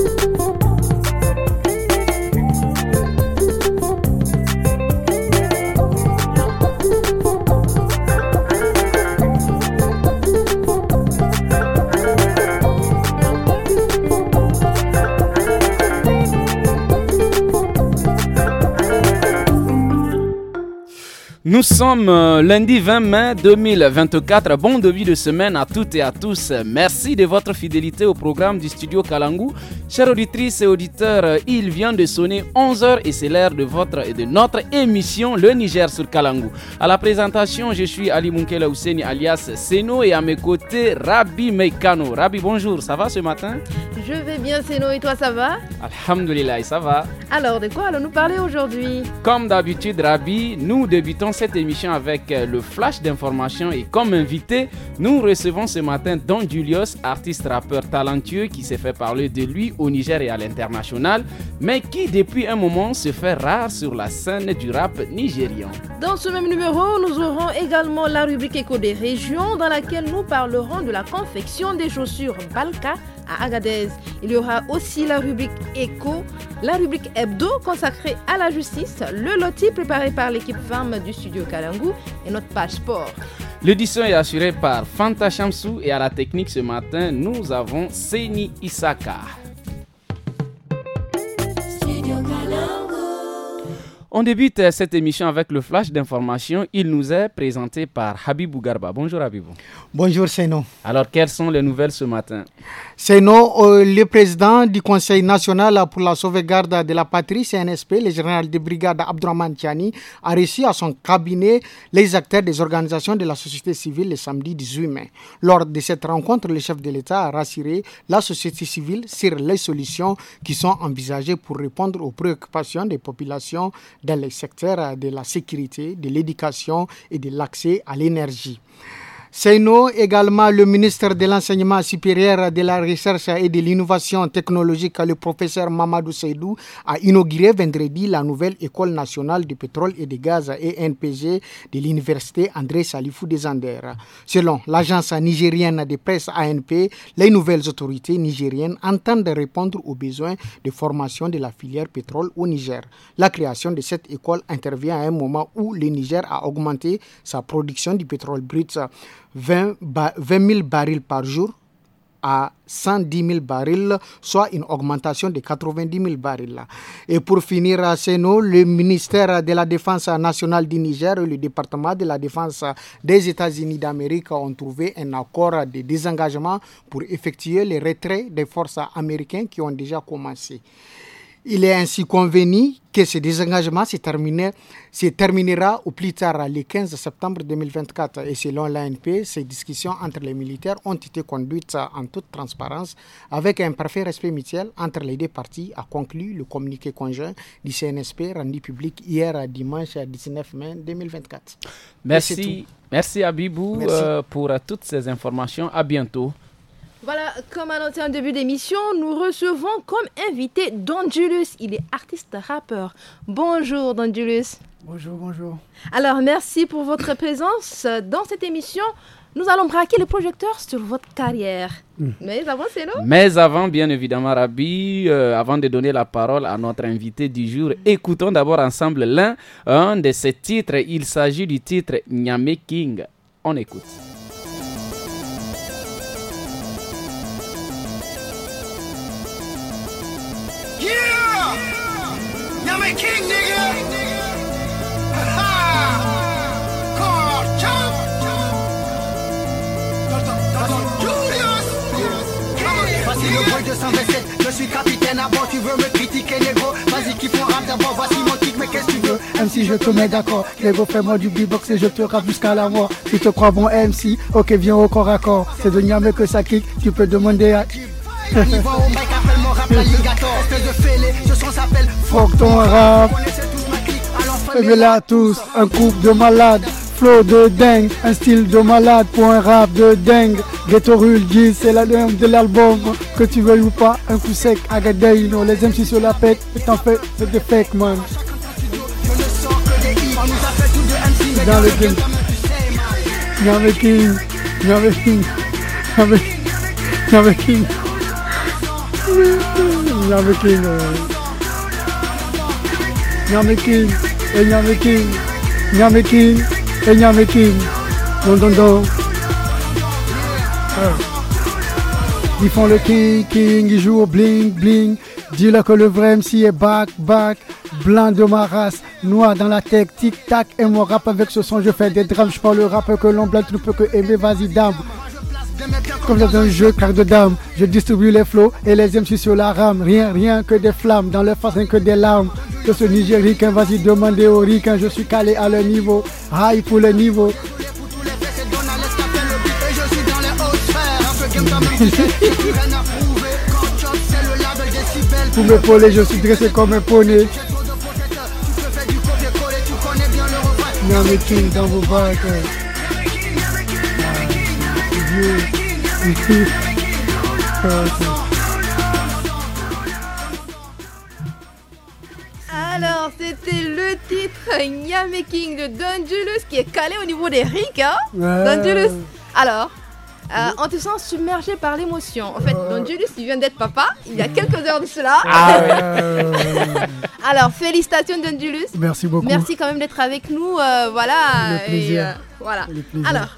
you Nous sommes euh, lundi 20 mai 2024. Bon début de semaine à toutes et à tous. Merci de votre fidélité au programme du studio Kalangu. Chères auditrices et auditeurs, euh, il vient de sonner 11h et c'est l'heure de votre et de notre émission Le Niger sur Kalangu. À la présentation, je suis Ali Munkela Housseni alias Seno et à mes côtés Rabi Meikano. Rabi, bonjour, ça va ce matin Je vais bien Seno et toi ça va Alhamdulillah, ça va. Alors, de quoi allons-nous parler aujourd'hui Comme d'habitude Rabi, nous débutons cette émission avec euh, le flash d'information et comme invité, nous recevons ce matin Don Julius, artiste rappeur talentueux qui s'est fait parler de lui au Niger et à l'international, mais qui depuis un moment se fait rare sur la scène du rap nigérian. Dans ce même numéro, nous aurons également la rubrique Éco des régions dans laquelle nous parlerons de la confection des chaussures Balka à Agadez. Il y aura aussi la rubrique Echo, la rubrique Hebdo consacrée à la justice, le loti préparé par l'équipe femme du studio Kalangou et notre page sport. L'édition est assurée par Fanta Chamsou et à la technique ce matin, nous avons Seni Isaka. On débute euh, cette émission avec le flash d'information. Il nous est présenté par Habibou Garba. Bonjour Habibou. Bonjour Seno. Alors, quelles sont les nouvelles ce matin Seno, euh, le président du Conseil national pour la sauvegarde de la patrie, CNSP, le général de brigade Abdramantiani, Tiani, a reçu à son cabinet les acteurs des organisations de la société civile le samedi 18 mai. Lors de cette rencontre, le chef de l'État a rassuré la société civile sur les solutions qui sont envisagées pour répondre aux préoccupations des populations dans les secteurs de la sécurité, de l'éducation et de l'accès à l'énergie. Seino, également le ministre de l'Enseignement supérieur, de la Recherche et de l'Innovation technologique, le professeur Mamadou Seydou, a inauguré vendredi la nouvelle École nationale du pétrole et de gaz ENPG de l'Université André Salifou des Anders. Selon l'agence nigérienne de presse ANP, les nouvelles autorités nigériennes entendent répondre aux besoins de formation de la filière pétrole au Niger. La création de cette école intervient à un moment où le Niger a augmenté sa production du pétrole brut. 20, 000 barils par jour à 110 000 barils, soit une augmentation de 90 000 barils. Et pour finir, à le ministère de la Défense nationale du Niger et le département de la Défense des États-Unis d'Amérique ont trouvé un accord de désengagement pour effectuer le retrait des forces américaines qui ont déjà commencé. Il est ainsi convenu que ce désengagement se, terminera au plus tard le 15 septembre 2024. Et selon l'ANP, ces discussions entre les militaires ont été conduites en toute transparence avec un parfait respect mutuel entre les deux parties, a conclu le communiqué conjoint du CNSP rendu public hier à dimanche 19 mai 2024. Merci, merci Abibou euh, pour toutes ces informations. À bientôt. Voilà, comme annoncé en début d'émission, nous recevons comme invité Julius, Il est artiste rappeur. Bonjour Julius. Bonjour, bonjour. Alors, merci pour votre présence dans cette émission. Nous allons braquer le projecteur sur votre carrière. Hmm. Mais avant, c'est Mais avant, bien évidemment, Rabi, euh, avant de donner la parole à notre invité du jour, hmm. écoutons d'abord ensemble l'un de ses titres. Il s'agit du titre Nyame King. On écoute. Je suis capitaine à bord, tu veux me critiquer négro Vas-y qui faut rap d'abord, voici mon kick mais qu'est-ce que tu veux MC je te mets d'accord, négro fais-moi du beatbox et je te rappe jusqu'à la mort Tu te crois bon MC, ok viens au corps à corps C'est de niamey que ça kick, tu peux demander à Niveau au appelle mon rap de son s'appelle ton rap Fais-le à tous, un couple de malades flow de dingue, un style de malade pour un rap de dingue. Ghetto Rule Guy, c'est la l'album de l'album, que tu veuilles ou pas, un coup sec, Agadeino, les MC sur la pète, et t'en fais, c'est des fake man. Dans le king, dans le king, dans le king, dans le king, qui, le king, dans le king, qui le King, Kenya don don don ah. Ils font le king, king, ils jouent bling, bling. Dis-leur que le vrai MC est back, back. Blanc de ma race, noir dans la tête, tic-tac. Et moi rap avec ce son, je fais des drames. Je parle le rap que l'on blague, tout peut que aimer, vas-y, dame. Comme dans un jeu carte de dames, je distribue les flots et les MC sur la rame. Rien, rien que des flammes, dans leur face rien que des larmes. Que ce nigérique, vas-y demander au ricains, je suis calé à leur niveau. High pour le niveau. pour poler, je suis dressé comme un poney. Non dans vos vagues. Alors, c'était le titre Yamaking de Dondulus qui est calé au niveau des rics, hein Alors, euh, on te sent submergé par l'émotion. En fait, Dondulus il vient d'être papa, il y a quelques heures de cela. Ah, Alors, félicitations Dondulus. Merci beaucoup. Merci quand même d'être avec nous. Euh, voilà. Euh, voilà. Alors.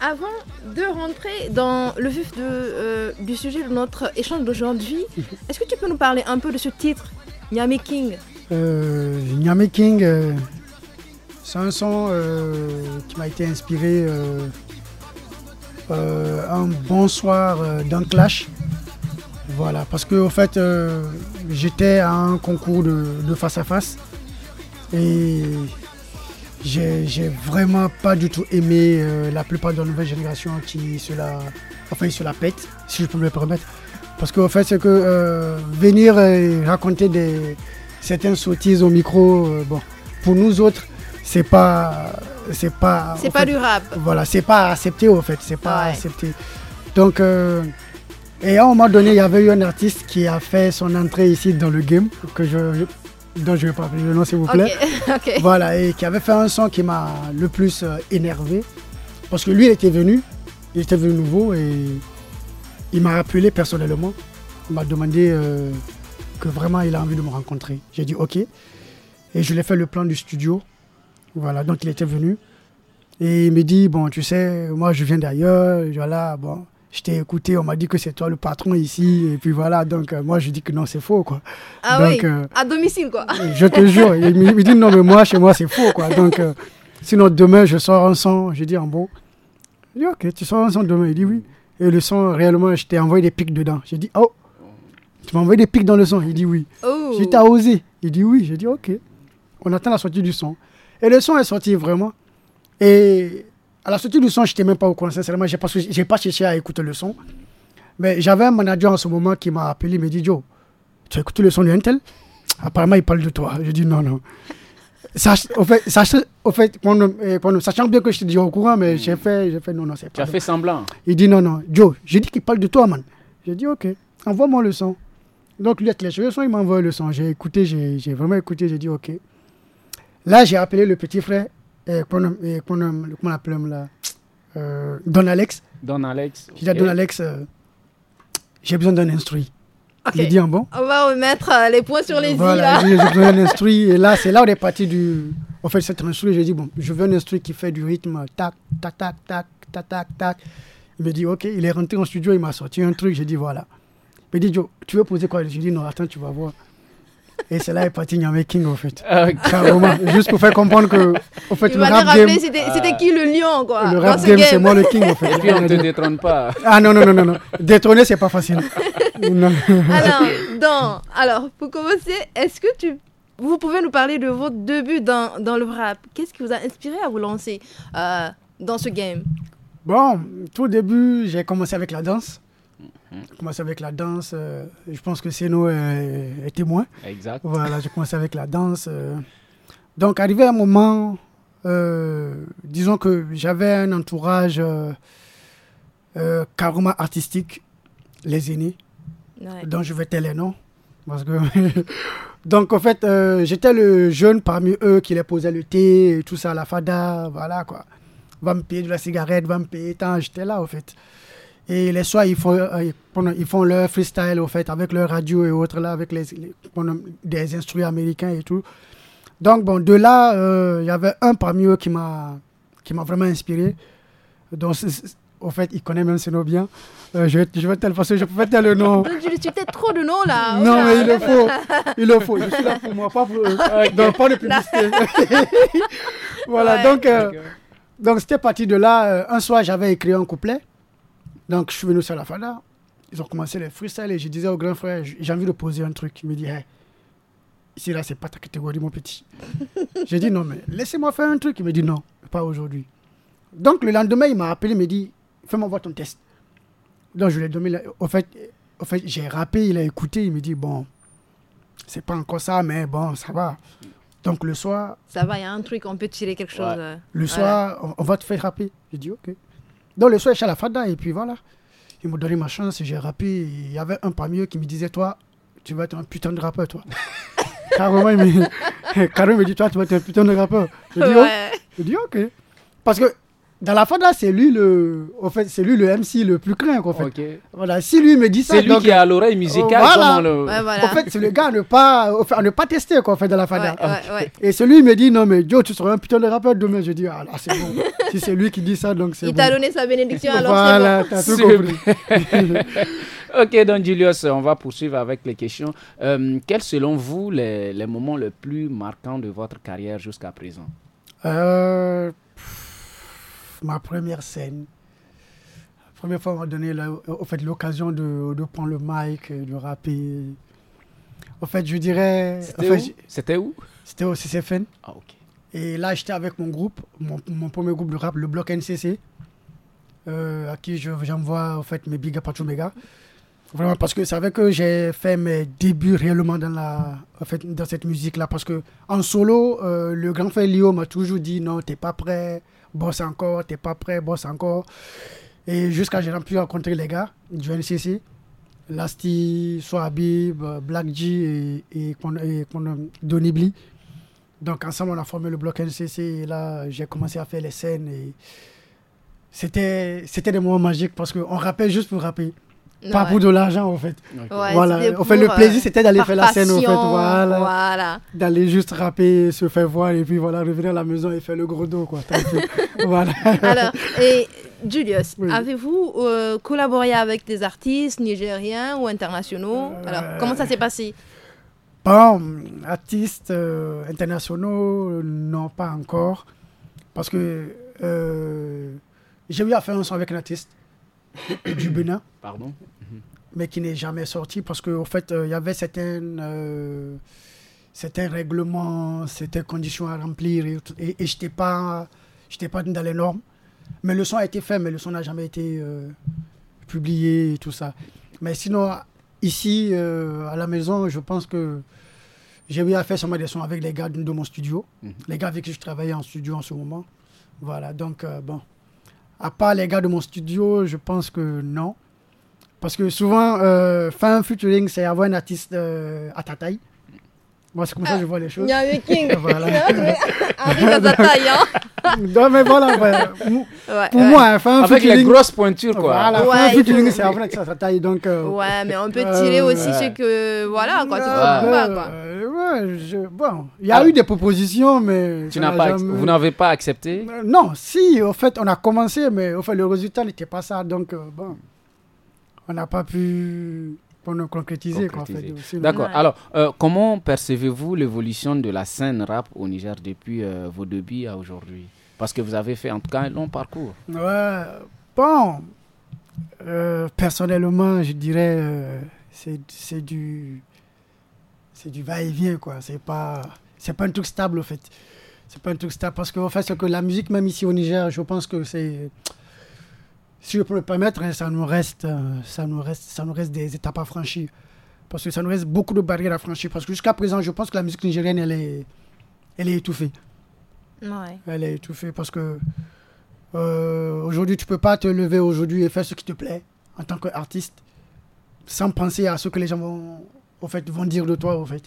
Avant de rentrer dans le vif euh, du sujet de notre échange d'aujourd'hui, est-ce que tu peux nous parler un peu de ce titre, Nyame King euh, Nyame King, euh, c'est un son euh, qui m'a été inspiré un bonsoir soir d'un clash. Voilà, parce que fait, j'étais à un concours de, de face à face et j'ai vraiment pas du tout aimé euh, la plupart de la nouvelle génération qui se la, enfin, la pète, si je peux me permettre. Parce qu'en fait, c'est que euh, venir raconter des, certaines sottises au micro, euh, bon, pour nous autres, c'est pas. C'est pas. C'est pas du Voilà, c'est pas accepté, en fait. C'est pas accepté. Donc. et à un moment donné, il y avait eu un artiste qui a fait son entrée ici dans le game, que je, dont je ne vais pas appeler le nom s'il vous plaît. Voilà, et qui avait fait un son qui m'a le plus euh, énervé. Parce que lui, il était venu, il était venu nouveau et il m'a rappelé personnellement. Il m'a demandé euh, que vraiment il a envie de me rencontrer. J'ai dit ok. Et je lui ai fait le plan du studio. Voilà, donc il était venu. Et il me dit, bon, tu sais, moi je viens d'ailleurs, voilà, bon, je t'ai écouté, on m'a dit que c'est toi le patron ici, et puis voilà, donc euh, moi je dis que non, c'est faux, quoi. Ah oui, euh, à domicile, quoi. je te jure, il me dit non, mais moi, chez moi, c'est faux, quoi. Donc, euh, sinon, demain, je sors un son, je dis en bon. Je dis, ok, tu sors un son demain, il dit oui. Et le son, réellement, je t'ai envoyé des pics dedans. Je dis, oh, tu m'as envoyé des pics dans le son, il dit oui. Tu oh. J'ai t'as osé, il dit oui, Je dis, ok. On attend la sortie du son. Et le son est sorti vraiment. Et alors, la sortie du son, je n'étais même pas au courant, sincèrement. Je n'ai pas, cherché à écouter le son. Mais j'avais un manager en ce moment qui m'a appelé, il m'a dit Joe, tu as écouté le son de Intel Apparemment, il parle de toi. Je dit non, non. fait, eh, sachant bien que je te déjà au courant, mais j'ai hmm. fait, j'ai fait non, non, c'est pas. Tu as fait semblant. Il dit non, non, Joe, j'ai dit qu'il parle de toi, man. J'ai dit ok, envoie-moi le son. Donc lui, a le son, il m'envoie le son. J'ai écouté, j'ai vraiment écouté, j'ai dit ok. Là, j'ai appelé le petit frère eh, qu'on eh, comment l'appelons là euh, Don Alex. Don Alex. Okay. à Don Alex, euh, j'ai besoin d'un instruit. Okay. Il dit en bon. On va remettre euh, les points sur les voilà, i. J'ai besoin d'un instruit. Et là, c'est là où on est parti du. On fait cet instruit. J'ai dit, bon, je veux un instruit qui fait du rythme. Tac, tac, tac, tac, tac, tac, tac. Il me dit, OK, il est rentré en studio, il m'a sorti un truc. J'ai dit, voilà. Il me dit, Joe, tu veux poser quoi J'ai dit, non, attends, tu vas voir. Et c'est là est parti en King, ah, au fait. Juste pour faire comprendre que, au fait, le rap game. C'était qui le lion, quoi Le rap game, c'est moi le king, en fait. on ne te détrône pas. Ah non, non, non, non. non. Détrôner, c'est pas facile. Alors, dans, alors, pour commencer, est-ce que tu vous pouvez nous parler de votre début dans, dans le rap. Qu'est-ce qui vous a inspiré à vous lancer euh, dans ce game Bon, tout début, j'ai commencé avec la danse. Mhm. je commençais avec la danse. Euh, je pense que c'est est, témoin. Exact. Voilà, j'ai commencé avec la danse. Euh. Donc, arrivé à un moment, euh, disons que j'avais un entourage carrément artistique, les aînés, dont je vais les non Parce que Donc, en fait, j'étais le jeune parmi eux qui les posait le thé, et tout ça, la fada, voilà quoi. Va me payer de la cigarette, va me payer. J'étais là, en fait. Et les soirs, ils font, euh, ils font leur freestyle, au fait, avec leur radio et autres, là, avec les, des instruments américains et tout. Donc, bon, de là, euh, il y avait un parmi eux qui m'a vraiment inspiré. Donc, au fait, il connaît même Seno bien. Euh, je, je vais te parce que je pouvais te le nom. tu, tu peut-être trop de noms là. Non, oh mais il le faut. Il le faut. Je suis là pour moi, pas pour donc, pas de publicité. voilà, donc donc c'était parti de là. un soir, j'avais écrit un couplet. Donc, je suis venu sur la Ils ont commencé les freestyles et je disais au grand frère, j'ai envie de poser un truc. Il me dit, hé, ici, là, c'est pas ta catégorie, mon petit. j'ai dit, non, mais laissez-moi faire un truc. Il me dit, non, pas aujourd'hui. Donc, le lendemain, il m'a appelé, il me dit, fais-moi voir ton test. Donc, je lui ai donné, au fait, fait j'ai rappé, il a écouté, il me dit, bon, c'est pas encore ça, mais bon, ça va. Donc, le soir. Ça va, il y a un truc, on peut tirer quelque chose. Le soir, on va te faire rapper. J'ai dit, ok. Donc le soir, je suis à la FADA et puis voilà. Ils m'ont donné ma chance, et j'ai rappé. Il y avait un parmi eux qui me disait Toi, tu vas être un putain de rappeur, toi. Carrément, il me... il me dit Toi, tu vas être un putain de rappeur. je dis oh. Ok. Parce que dans la fada, c'est lui le, en fait, c'est lui le MC le plus craint en fait. Voilà, si lui me dit ça, c'est lui qui a l'oreille musicale. voilà. Le... En fait, c'est le gars à ne pas, à ne pas tester quoi, en fait, dans la fada. Et celui me dit non mais Joe, tu seras un putain de rappeur demain. Je dis ah c'est bon. si c'est lui qui dit ça, donc c'est. Il t'a donné sa bénédiction alors voilà, c'est bon. Voilà, t'as tout compris. Ok, donc Julius, on va poursuivre avec les questions. Euh, quels, selon vous, les, les moments les plus marquants de votre carrière jusqu'à présent euh, ma première scène. La première fois, on m'a donné l'occasion de, prendre le mic, de rapper. En fait, je dirais. C'était où C'était au CCFN. Ah, ok. Et là, j'étais avec mon groupe, mon, premier groupe de rap, le Bloc NCC, euh, à qui j'envoie en fait mes big up Vraiment, parce que c'est vrai que j'ai fait mes débuts réellement dans, la, fait, dans cette musique-là. Parce que en solo, euh, le grand frère Lio m'a toujours dit non, t'es pas prêt bosse encore, t'es pas prêt, bosse encore. Et jusqu'à j'ai pu rencontrer les gars du NCC, Lasti, Swabib, Black G et, et, et Donibli. Donc ensemble, on a formé le bloc NCC et là, j'ai commencé à faire les scènes. Et c'était, c'était des moments magiques parce qu'on rappelle juste pour rappeler. Pas pour de l'argent, en fait. En fait, le euh, plaisir, c'était d'aller faire la scène, en fait. Voilà. D'aller juste rapper, se faire voir, et puis voilà, revenir à la maison et faire le gros dos, quoi. voilà. Alors, et Julius, avez-vous euh, collaboré avec des artistes nigériens ou internationaux euh, Alors, comment ça s'est passé Bon, artistes internationaux, non, pas encore. Parce que j'ai eu à faire un son avec un artiste du Bénin. Pardon mais qui n'est jamais sorti parce qu'en fait, il euh, y avait euh, certains règlements, certaines règlement, c'était conditions à remplir et, je n'étais pas, dans les normes. Mais le son a été fait, mais le son n'a jamais été euh, publié et tout ça. Mais sinon, ici, à la maison, je pense que j'ai eu à faire seulement des sons avec les gars de mon studio, mhm. les gars avec qui je travaillais en studio en ce moment. Voilà, donc bon. À part les gars de mon studio, je pense que non. Parce que souvent, euh, un futuring, c'est avoir un artiste euh, à ta taille. Moi, c'est comme ça que je vois les choses. Ah, il y a un viking. voilà. Ah, à ta taille, hein. non, mais voilà. pour ouais. moi, un hein, futuring, Avec les grosses pointures, quoi. Voilà, ouais, c'est featuring, c'est avoir à sa taille. Donc, euh, ouais, mais on peut euh, tirer aussi c'est que. Voilà, quoi. ouais, bon. Il y a ah. eu des propositions, mais. Tu n'as pas Vous n'avez pas accepté Non, si. En fait, on a commencé, mais en fait, le résultat n'était pas ça. Donc, bon on n'a pas pu pour nous concrétiser. D'accord. Alors, euh, comment percevez-vous l'évolution de la scène rap au Niger depuis euh, vos débuts à aujourd'hui Parce que vous avez fait en tout cas un long parcours. Ouais. Bon, euh, personnellement, je dirais c'est du c'est du va-et-vient quoi. C'est pas c'est pas un truc stable en fait. C'est pas un truc stable parce que en fait, que la musique même ici au Niger, je pense que c'est si je peux me permettre, hein, ça nous reste, euh, ça nous reste, ça nous reste des étapes à franchir. Parce que ça nous reste beaucoup de barrières à franchir. Parce que jusqu'à présent, je pense que la musique nigérienne, elle est, elle est étouffée. Elle est étouffée parce que euh, aujourd'hui, tu peux pas te lever aujourd'hui et faire ce qui te plaît en tant qu'artiste sans penser à ce que les gens vont, au fait, vont dire de toi, au fait.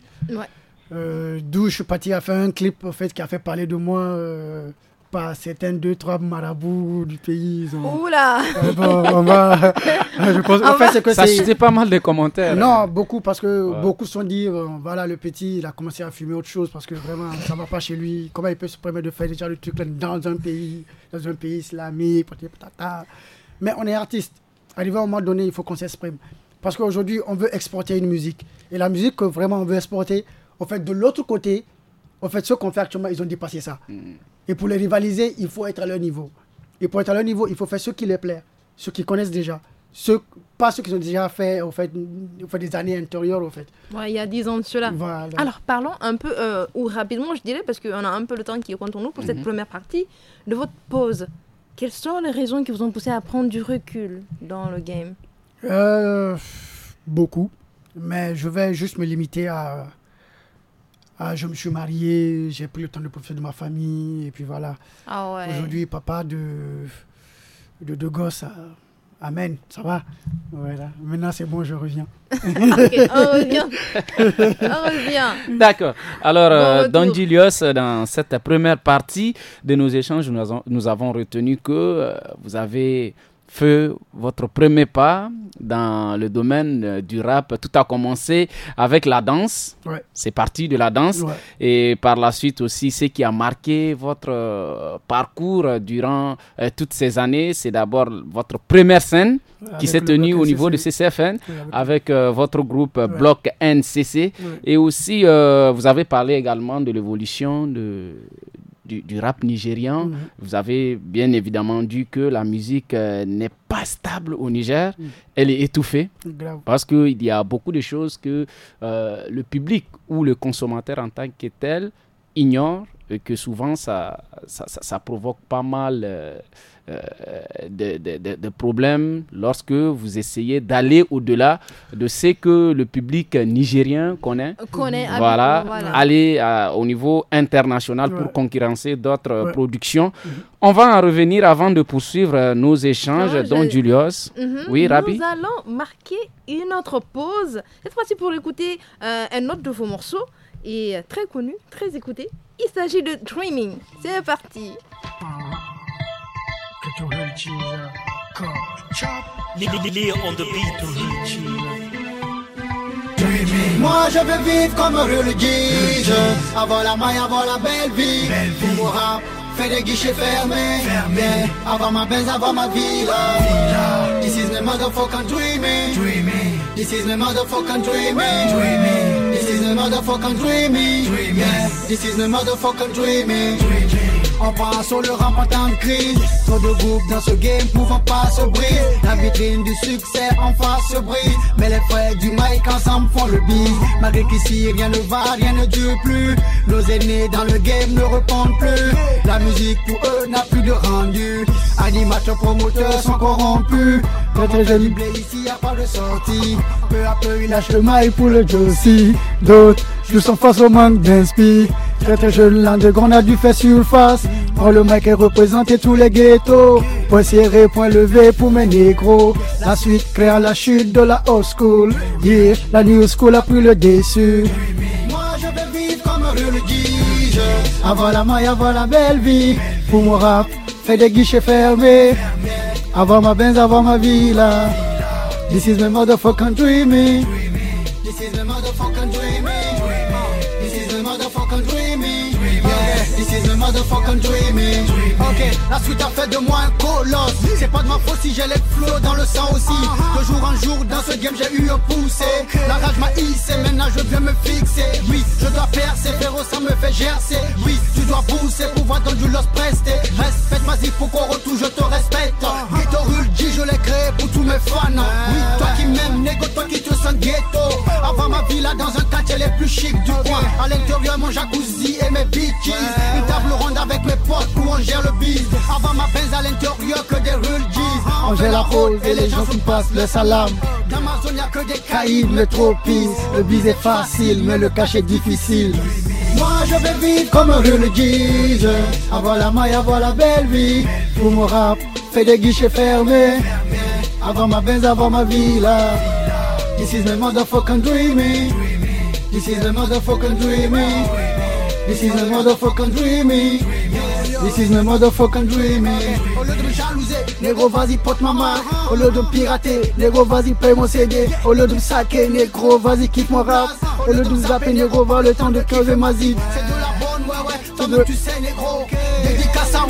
Euh, d'où je suis parti à faire un clip, au fait, qui a fait parler de moi. C'est un, deux, trois marabouts du pays. Ouh Oula pas mal de commentaires. Non, beaucoup, parce que beaucoup sont dit, euh, voilà, le petit, il a commencé à fumer autre chose, parce que vraiment, ça va pas chez lui. Comment il peut se permettre de faire déjà le truc dans un pays, dans un pays islamique, Mais on est artiste. Arrivé à un moment donné, il faut qu'on s'exprime. Parce qu'aujourd'hui, on veut exporter une musique. Et la musique que vraiment on veut exporter, au fait, de l'autre côté, au fait, ce qu'on fait actuellement, ils ont dépassé ça. Mm. Et pour les rivaliser, il faut être à leur niveau. Et pour être à leur niveau, il faut faire ce qui les plaît, ce qu'ils connaissent déjà. ce pas ce qui ont déjà fait, au fait, fait des années antérieures, au fait. il y a 10 ans de cela. Alors parlons un peu, euh, ou rapidement je dirais, parce qu'on a un peu le temps qui est contre nous pour cette mhm. première partie, de votre pause. Quelles sont les raisons qui vous ont poussé à prendre du recul dans le game euh, Beaucoup, mais je vais juste me limiter à ah, je me suis marié, j'ai pris le temps de profiter de ma famille, et puis voilà. Ah ouais. Aujourd'hui, papa de, de deux gosses, euh, Amen, ça va. Voilà. Maintenant, c'est bon, je reviens. on revient. on revient. D'accord. Alors, euh, Don Julius, dans cette première partie de nos échanges, nous, avons, retenu que euh, vous avez feu votre premier pas dans le domaine euh, du rap. Tout a commencé avec la danse. C'est parti de la danse. Et par la suite aussi, ce qui a marqué votre euh, parcours durant euh, toutes ces années, c'est d'abord votre première scène qui s'est tenue au niveau de CCFN avec, votre groupe Bloc NCC. Et aussi, vous avez parlé également de l'évolution de, du, rap nigérian. Mhm. Vous avez bien évidemment dit que la musique euh, n'est pas stable au Niger. Mhm. Elle est étouffée parce qu'il y a beaucoup de choses que euh, le public ou le consommateur en tant que tel ignore et que souvent ça, ça, ça, provoque pas mal euh, euh, de, de, de, problèmes lorsque vous essayez d'aller au-delà de ce que le public nigérien connaît. connaît voilà, aller au niveau international pour concurrencer d'autres productions. Mhm. On va en revenir avant de poursuivre euh, nos échanges, dont Julius. Mhm. Oui, Rabi. Nous allons marquer une autre pause, cette fois-ci pour écouter un autre de vos morceaux et euh, très connu, très écouté. Il s'agit de Dreaming. C'est parti. Moi je veux vivre comme le disent Avant la maille, avant la belle vie, belle vie. Pour rap, fais des guichets fermés, fermés. Avant ma Benz, avant ma villa, villa. This is the motherfucking dreaming, dreaming. This is my motherfucking dreaming. Dreaming. This is my motherfucking dreaming. Dreaming. Yeah. This is my motherfucking dreaming. Dreaming. On passe sur le remportant en crise. Trop de groupes dans ce game pouvant pas se briser. La vitrine du succès en face se brise. Mais les frères du mic ensemble font le bise. Malgré qu'ici rien ne va, rien ne dure plus. Nos aînés dans le game ne répondent plus. La musique pour eux n'a plus de rendu. Animateurs, promoteurs sont corrompus. Très très joli ici, y a pas de sortie. Peu à peu, ils lâchent le mic pour le Josie. D'autres nous sommes face au manque d'inspiration Très très jeune, l'underground a du fait surface. face. le mec est représenté tous les ghettos. Point serré, point levé pour mes négros. La suite créa la chute de la old school. Yeah, la new school a pris le déçu. Moi je vais vivre comme un le Avoir Avant la maille, avoir la belle vie. Pour mon rap, fais des guichets fermés. Avoir ma Benz, avoir ma villa. This is my motherfucking dreamy. This is the motherfucking dreaming. dreaming. This is the motherfucking dreaming. dreaming. this is the motherfucking dreaming. dreaming. Ok, la suite a fait de moi un colosse. C'est pas de ma faute si j'ai les flots dans le sang aussi. De jour en jour, dans ce game, j'ai eu un poussé. La rage m'a hissé, maintenant je viens me fixer. Oui, je dois faire ces frérot, ça me fait gercer. Oui, tu dois pousser pour voir ton du loss presté. Respecte, vas-y, faut qu'on retouche, je te respecte. Victor ah. torules, je l'ai créé pour tout ah. Oui, toi qui m'aimes, négo, toi qui te sens ghetto. Avant ma là, dans un quartier les plus chic du coin. À l'intérieur, mon jacuzzi et mes bitches. Une table ronde avec mes potes où on gère le biz. Avant ma benz à l'intérieur, que des rulgis. Ah, ah. On gère la rôle et les gens qui passent le salam. Dans ma zone, y'a que des caïds, trop pis Le biz est facile, mais le cash est difficile. Moi je vais vivre comme un le disent Avoir la maille, avoir la belle vie Pour mon rap, fais des guichets fermés avant ma Benz, avant ma villa. This is my motherfucking dreaming. Eh? This is my motherfucking dreaming. Eh? This is my motherfucking dreaming. Eh? This is my motherfucking dreaming. Au lieu de me jalouser, négro vas-y porte ma main. Au lieu de me pirater, negro vas-y paye mon CD. Au lieu de me saquer, négro vas-y quitte mon rap. Au lieu de me zapper, negro va le temps de creuser ma zip. C'est de la bonne, ouais ouais, toi tu sais négro.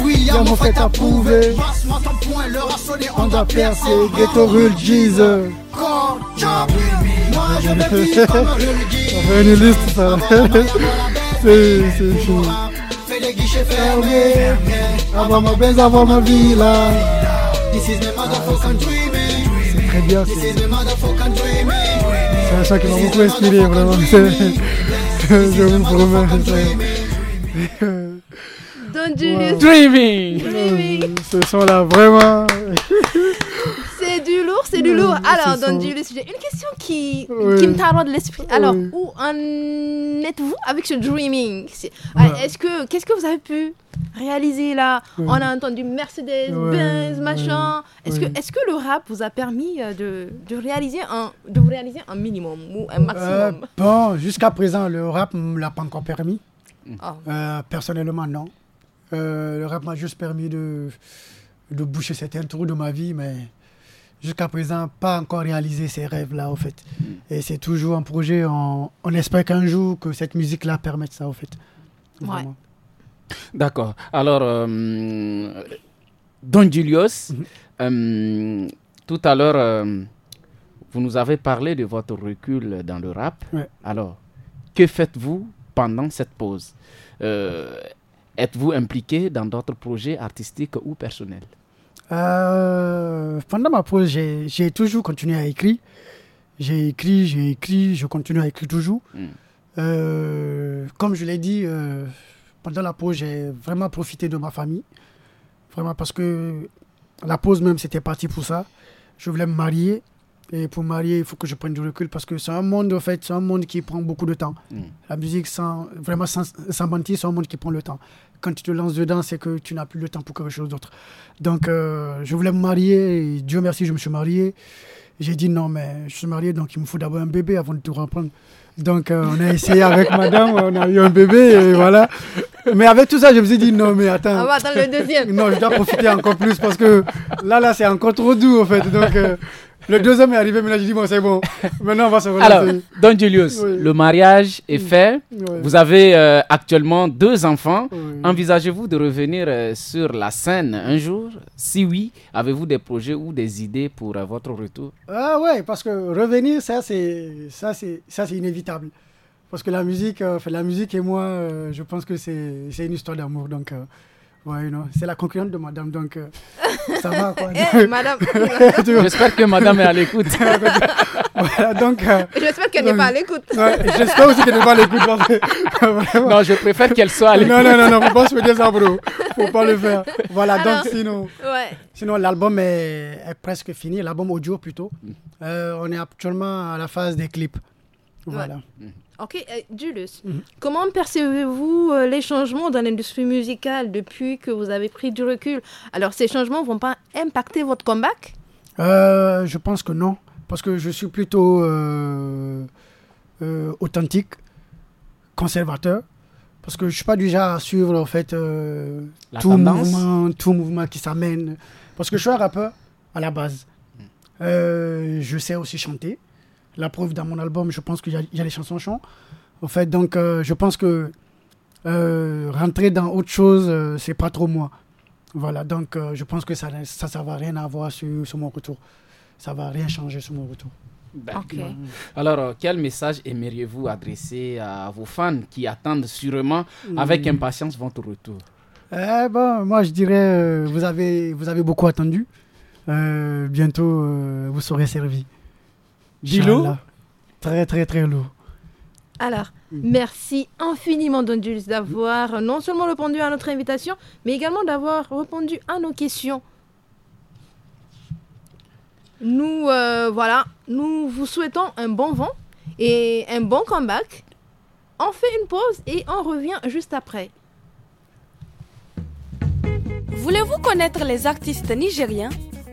William, mon fait approuvé. Passe-moi ton point, le rassonné, on doit percer. Ghetto Rule Jeez. Corps, chop, moi je vais vivre comme Rule Jeez. Ça une liste, ça. C'est, c'est chaud. Fais les guichets fermés. Avant ma baisse avant ma villa. This is my motherfucking dreaming. C'est très bien, c'est. This is my motherfucking dreaming. C'est un chat qui m'a beaucoup inspiré, vraiment. Je vous promets. Dreaming. Euh, ce sont là vraiment... c'est du lourd, c'est du lourd. Euh, Alors, dans le sujet. une question qui, qui me taraude l'esprit. Alors, où en êtes-vous avec ce dreaming Est-ce que qu'est-ce que vous avez pu réaliser là On a entendu Mercedes, Benz, machin. Est-ce que est-ce que le rap vous a permis euh, de, réaliser un de vous réaliser un minimum ou un maximum Bon, jusqu'à présent, le rap me l'a pas encore permis. Ah. personnellement, non. Euh, le rap m'a juste permis de, boucher certains trous de ma vie, mais jusqu'à présent, pas encore réalisé ces rêves-là, en fait. Mm. Et c'est toujours un projet, on, espère qu'un jour, que cette musique-là permette ça, en fait. D'accord. Alors, euh, Don Julius, mm-hmm. euh, tout à l'heure, vous nous avez parlé de votre recul dans le rap. Alors, que faites-vous pendant cette pause Êtes-vous impliqué dans d'autres projets artistiques ou personnels euh, Pendant ma pause, j'ai toujours continué à écrire. J'ai écrit, j'ai écrit, je continue à écrire toujours. Hmm. Euh, comme je l'ai dit, euh, pendant la pause, j'ai vraiment profité de ma famille. Vraiment parce que la pause même, c'était parti pour ça. Je voulais me marier. Et pour marier, il faut que je prenne du recul parce que c'est un monde, en fait, c'est un monde qui prend beaucoup de temps. Hmm. La musique, sans, vraiment sans mentir, c'est un monde qui prend le temps quand tu te lances dedans, c'est que tu n'as plus le temps pour quelque chose d'autre. Donc, euh, je voulais me marier, Dieu merci, je me suis marié. J'ai dit non, mais je suis marié, donc il me faut d'abord un bébé avant de tout reprendre. Donc, euh, on a essayé avec madame, on a eu un bébé, et voilà. Mais avec tout ça, je me suis dit non, mais attends. Ah bah, attends le deuxième. non, je dois profiter encore plus parce que là, là, c'est encore trop doux, en fait. Donc, euh, le deuxième est arrivé, mais là, j'ai dit, bon, c'est bon. Maintenant, on va se relancer. Alors, Don Julius, le mariage est fait. Vous avez euh, actuellement deux enfants. Envisagez-vous de revenir euh, sur la scène un jour Si oui, avez-vous des projets ou des idées pour euh, votre retour Ah ouais, parce que revenir, ça, c'est ça, c'est ça, c'est inévitable. Parce que la musique, la musique et moi, je pense que c'est une histoire d'amour. Donc, c'est la concurrente de madame, donc euh, ça va quoi. Eh, madame. J'espère que madame est à l'écoute. voilà, euh, j'espère qu'elle n'est pas à l'écoute. j'espère aussi qu'elle n'est pas à l'écoute. non, je préfère qu'elle soit à l'écoute. Non, non, non, non, faut pas se faire ça, bro. Faut pas le faire. Voilà, donc sinon. Sinon, l'album est, presque fini, l'album audio plutôt. Euh, on est actuellement à la phase des clips. Voilà. Ok, euh, Julius, mhm. comment percevez-vous euh, les changements dans l'industrie musicale depuis que vous avez pris du recul Alors, ces changements vont pas impacter votre comeback euh, Je pense que non, parce que je suis plutôt authentique, conservateur, parce que je suis pas du genre à suivre en fait tout mouvement, tout mouvement qui s'amène, parce que je suis un rappeur à la base. Mm. je sais aussi chanter la preuve dans mon album, je pense qu'il y a les chansons chants. En fait, donc euh, je pense que euh, rentrer dans autre chose, euh, c'est pas trop moi. Voilà, donc je pense que ça, ça, ça va rien avoir sur, sur mon retour. Ça va rien changer sur mon retour. Ben, Alors, quel message aimeriez-vous adresser à vos fans qui attendent sûrement hmm. avec impatience votre retour eh ben, Moi, je dirais, vous, avez, vous avez beaucoup attendu. bientôt, vous serez servi. Gilou Très, très, très lourd. Alors, merci infiniment, Don d'avoir non seulement répondu à notre invitation, mais également d'avoir répondu à nos questions. Nous, euh, voilà, nous vous souhaitons un bon vent et un bon comeback. On fait une pause et on revient juste après. Voulez-vous connaître les artistes nigériens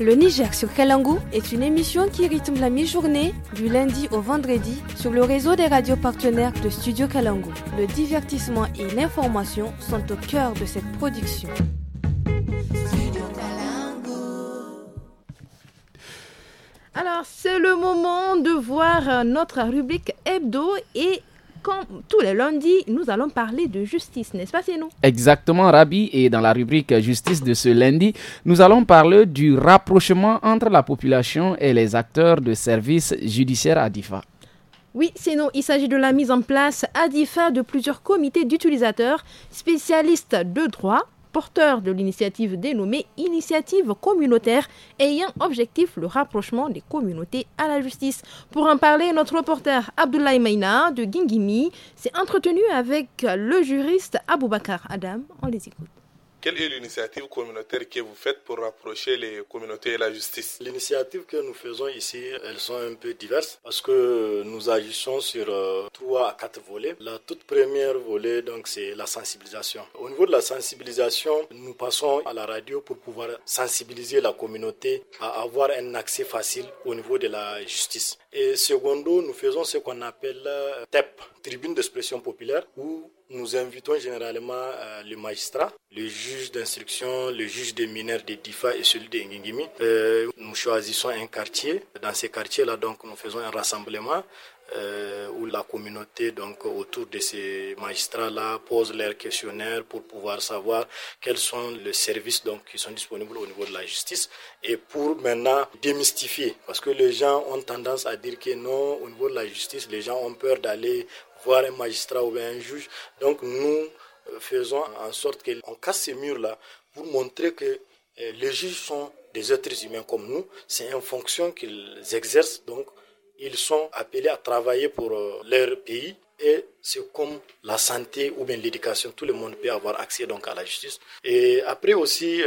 Le Niger sur Kalangu est une émission qui rythme la mi-journée du lundi au vendredi sur le réseau des radios partenaires de Studio Kalangu. Le divertissement et l'information sont au cœur de cette production. Alors, c'est le moment de voir notre rubrique hebdo et comme tous les lundis, nous allons parler de justice, n'est-ce pas, c'est Exactement, Rabi. Et dans la rubrique justice de ce lundi, nous allons parler du rapprochement entre la population et les acteurs de services judiciaires à DIFA. Oui, sinon, il s'agit de la mise en place à de plusieurs comités d'utilisateurs spécialistes de droit porteur de l'initiative dénommée Initiative communautaire ayant objectif le rapprochement des communautés à la justice. Pour en parler, notre reporter Abdoulaye Maïna de Gingimi s'est entretenu avec le juriste Aboubacar Adam. On les écoute. Quelle est l'initiative communautaire que vous faites pour rapprocher les communautés et la justice L'initiative que nous faisons ici, elles sont un peu diverses parce que nous agissons sur euh, trois à quatre volets. La toute première volet, donc, c'est la sensibilisation. Au niveau de la sensibilisation, nous passons à la radio pour pouvoir sensibiliser la communauté à avoir un accès facile au niveau de la justice. Et secondo, nous faisons ce qu'on appelle euh, TEP, tribune d'expression populaire, où nous invitons généralement euh, le magistrat, le juge d'instruction, le juge des mineurs de Difa et celui de Ngingimi. Euh, nous choisissons un quartier. Dans ces quartiers-là, donc, nous faisons un rassemblement euh, où la communauté donc autour de ces magistrats-là pose leurs questionnaires pour pouvoir savoir quels sont les services donc qui sont disponibles au niveau de la justice et pour maintenant démystifier parce que les gens ont tendance à dire que non au niveau de la justice les gens ont peur d'aller voir un magistrat ou bien un juge. Donc nous euh, faisons en sorte qu'on casse ces murs-là pour montrer que euh, les juges sont des êtres humains comme nous. C'est une fonction qu'ils exercent. Donc ils sont appelés à travailler pour euh, leur pays. Et c'est comme la santé ou bien l'éducation, tout le monde peut avoir accès donc à la justice. Et après aussi,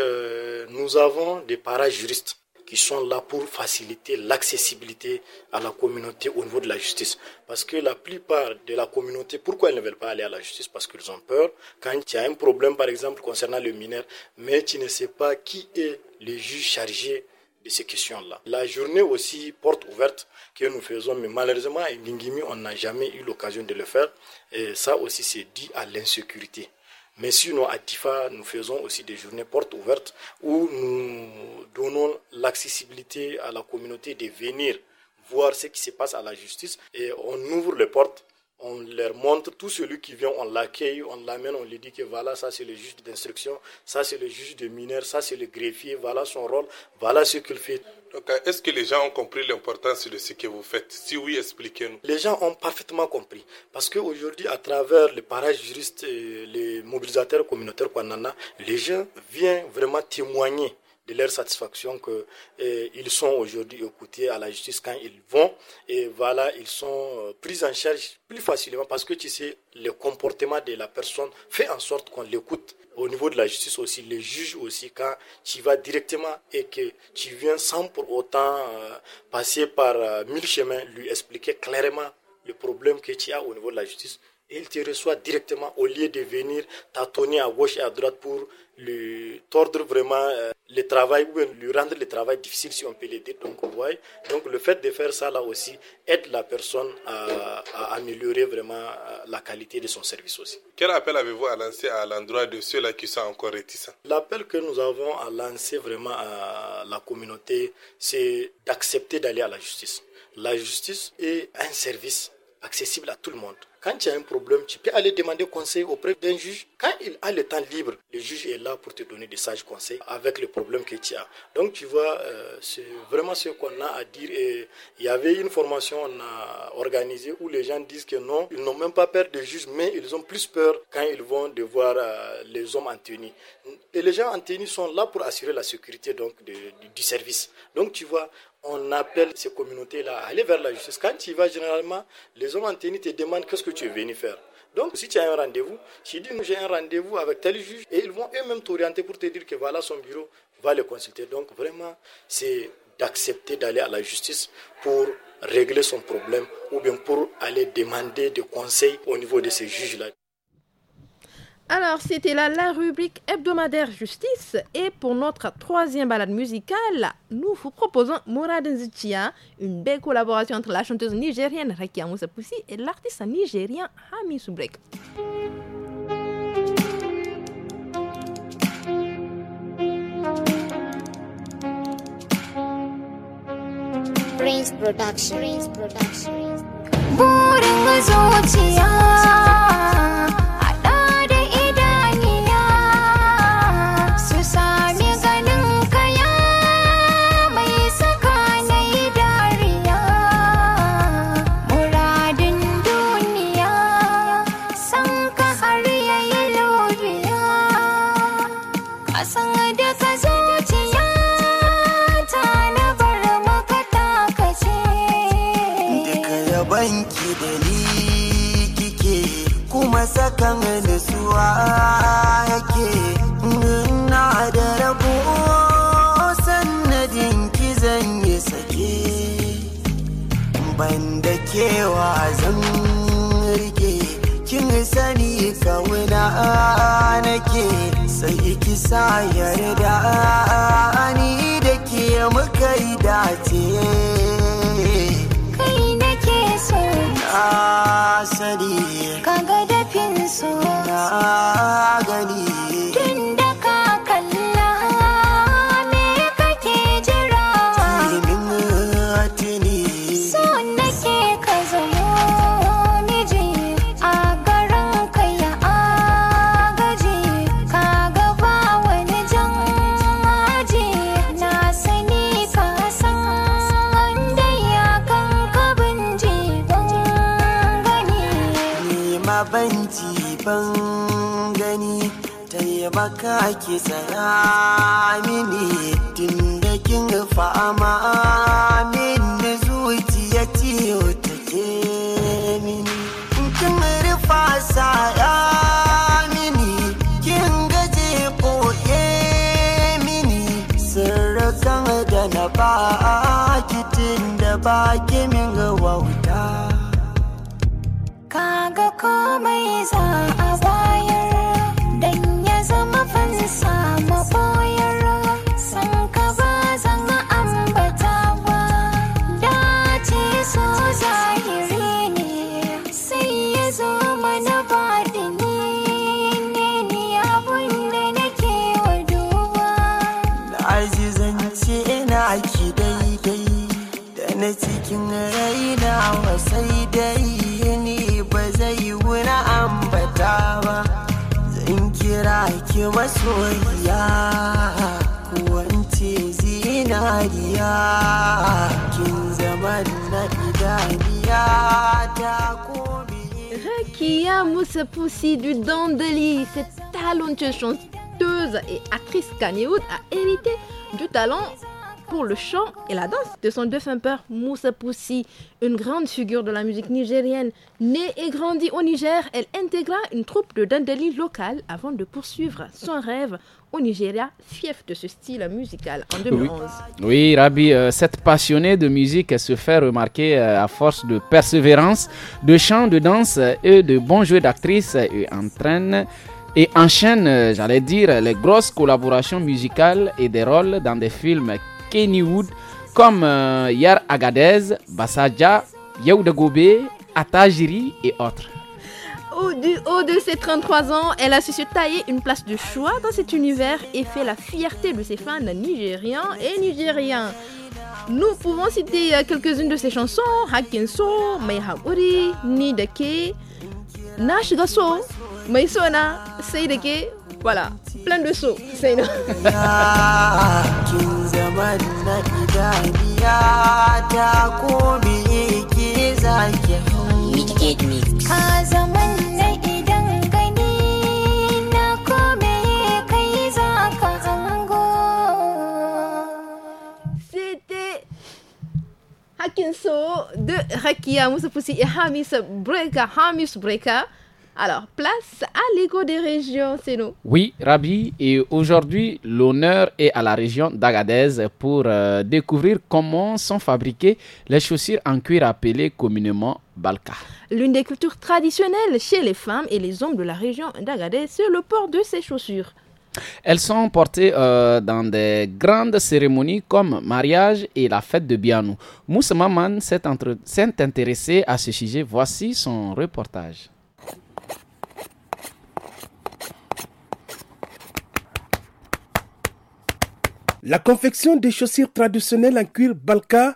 nous avons des parajuristes qui sont là pour faciliter l'accessibilité à la communauté au niveau de la justice. Parce que la plupart de la communauté, pourquoi elles ne veulent pas aller à la justice Parce qu'ils ont peur. Quand il y a un problème, par exemple, concernant le mineur, mais tu ne sais pas qui est le juge chargé de ces questions-là. La journée aussi, porte ouverte que nous faisons, mais malheureusement, à Ngimi, on n'a jamais eu l'occasion de le faire. Et ça aussi, c'est dû à l'insécurité. Mais sinon, à nous faisons aussi des journées portes ouvertes où nous donnons l'accessibilité à la communauté de venir voir ce qui se passe à la justice et on ouvre les portes on leur montre tout celui qui vient, on l'accueille, on l'amène, on lui dit que voilà, ça c'est le juge d'instruction, ça c'est le juge de mineurs, ça c'est le greffier, voilà son rôle, voilà ce qu'il fait. Euh, est-ce que les gens ont compris l'importance de ce que vous faites Si oui, expliquez-nous. Les gens ont parfaitement compris. Parce qu'aujourd'hui, à travers les parages para-juristes, les mobilisateurs communautaires qu'on a, les gens viennent vraiment témoigner de leur satisfaction que eh, ils sont aujourd'hui écoutés à la justice quand ils vont et voilà ils sont euh, pris en charge plus facilement parce que tu sais le comportement de la personne fait en sorte qu'on l'écoute au niveau de la justice aussi les juges aussi quand tu vas directement et que tu viens sans pour autant euh, passer par euh, mille chemins lui expliquer clairement le problème que tu as au niveau de la justice et il te reçoit directement au lieu de venir tâtonner à gauche et à droite pour lui tordre vraiment euh, le travail ou lui rendre le travail difficile si on peut l'aider, Donc, ouais donc le fait de faire ça là aussi aide la personne à, à améliorer vraiment euh, la qualité de son service aussi. Quel appel avez-vous à lancer à l'endroit de ceux-là qui sont encore réticents L'appel que nous avons à lancer vraiment à la communauté, c'est d'accepter d'aller à la justice. La justice est un service accessible à tout le monde. Quand tu as un problème, tu peux aller demander conseil auprès d'un juge. Quand il a le temps libre, le juge est là pour te donner des sages conseils avec le problème que tu as. Donc tu vois, euh, c'est vraiment ce qu'on a à dire. Et il y avait une formation on a organisée où les gens disent que non, ils n'ont même pas peur des juges, mais ils ont plus peur quand ils vont devoir euh, les hommes en tenue. Et les gens en tenue sont là pour assurer la sécurité donc, du service. Donc tu vois, on appelle ces communautés-là à aller vers la justice. Quand tu y vas, généralement, les hommes en tenue te demandent qu'est-ce que tu es venu faire. Donc, si tu as un rendez-vous, tu dis, j'ai un rendez-vous avec tel juge, et ils vont eux-mêmes t'orienter pour te dire que voilà son bureau, va le consulter. Donc, vraiment, c'est d'accepter d'aller à la justice pour régler son problème ou bien pour aller demander des conseils au niveau de ces juges-là. Alors, c'était là la rubrique hebdomadaire justice. Et pour notre troisième balade musicale, nous vous proposons Mourad Nzitia, une belle collaboration entre la chanteuse nigérienne Rekia Moussapoussi et l'artiste nigérien Hami Soubrek. sa yarda ni da ke muka yi dace kai nake so na sani kaga dafin so na gani ban gani tayyaba ka ke tsaya mini tun da kin fama mini zuciya ciyo ke mini kin rufa saya mini kin gaje koye mini sarrafan da na ba kitin da ba min wauta kaga komai za ki masoyiya kuwance zinariya kin zaman na idaniya ta ko Rakia Moussapoussi du Dandeli, cette talentueuse chanteuse et actrice Kanyewood a hérité du talent pour le chant et la danse de son défunt père Moussa Poussi, une grande figure de la musique nigérienne. Née et grandie au Niger, elle intégra une troupe de dandeli locale avant de poursuivre son rêve au Nigeria, fief de ce style musical en 2011. Oui, Rabi, euh, cette passionnée de musique se fait remarquer euh, à force de persévérance, de chant, de danse euh, et de bons jeux d'actrice et entraîne et enchaîne, j'allais dire, les grosses collaborations musicales et des rôles dans des films Kennywood, comme euh, Yar Agadez, Basaja, Yaouda gobe Atajiri et autres. Au, du de ses 33 ans, elle a su se tailler une place de choix dans cet univers et fait la fierté de ses fans nigériens et nigériens. Nous pouvons citer euh, quelques-unes de ses chansons Hakinso, mais Nidake, Nashigaso, Maisona, Seideke, voilà, plein de sauts. C'est C'était Hakinso de Rakia Moussapoussi et Hamis Breka. Hamis Breka. Alors, place à l'ego des régions, c'est nous. Oui, Rabi, et aujourd'hui, l'honneur est à la région d'Agadez pour euh, découvrir comment sont fabriquées les chaussures en cuir appelées communément Balka. L'une des cultures traditionnelles chez les femmes et les hommes de la région d'Agadez, c'est le port de ces chaussures. Elles sont portées euh, dans des grandes cérémonies comme mariage et la fête de Bianou. Moussa Maman s'est intéressé à ce sujet. Voici son reportage. La confection des chaussures traditionnelles en cuir balka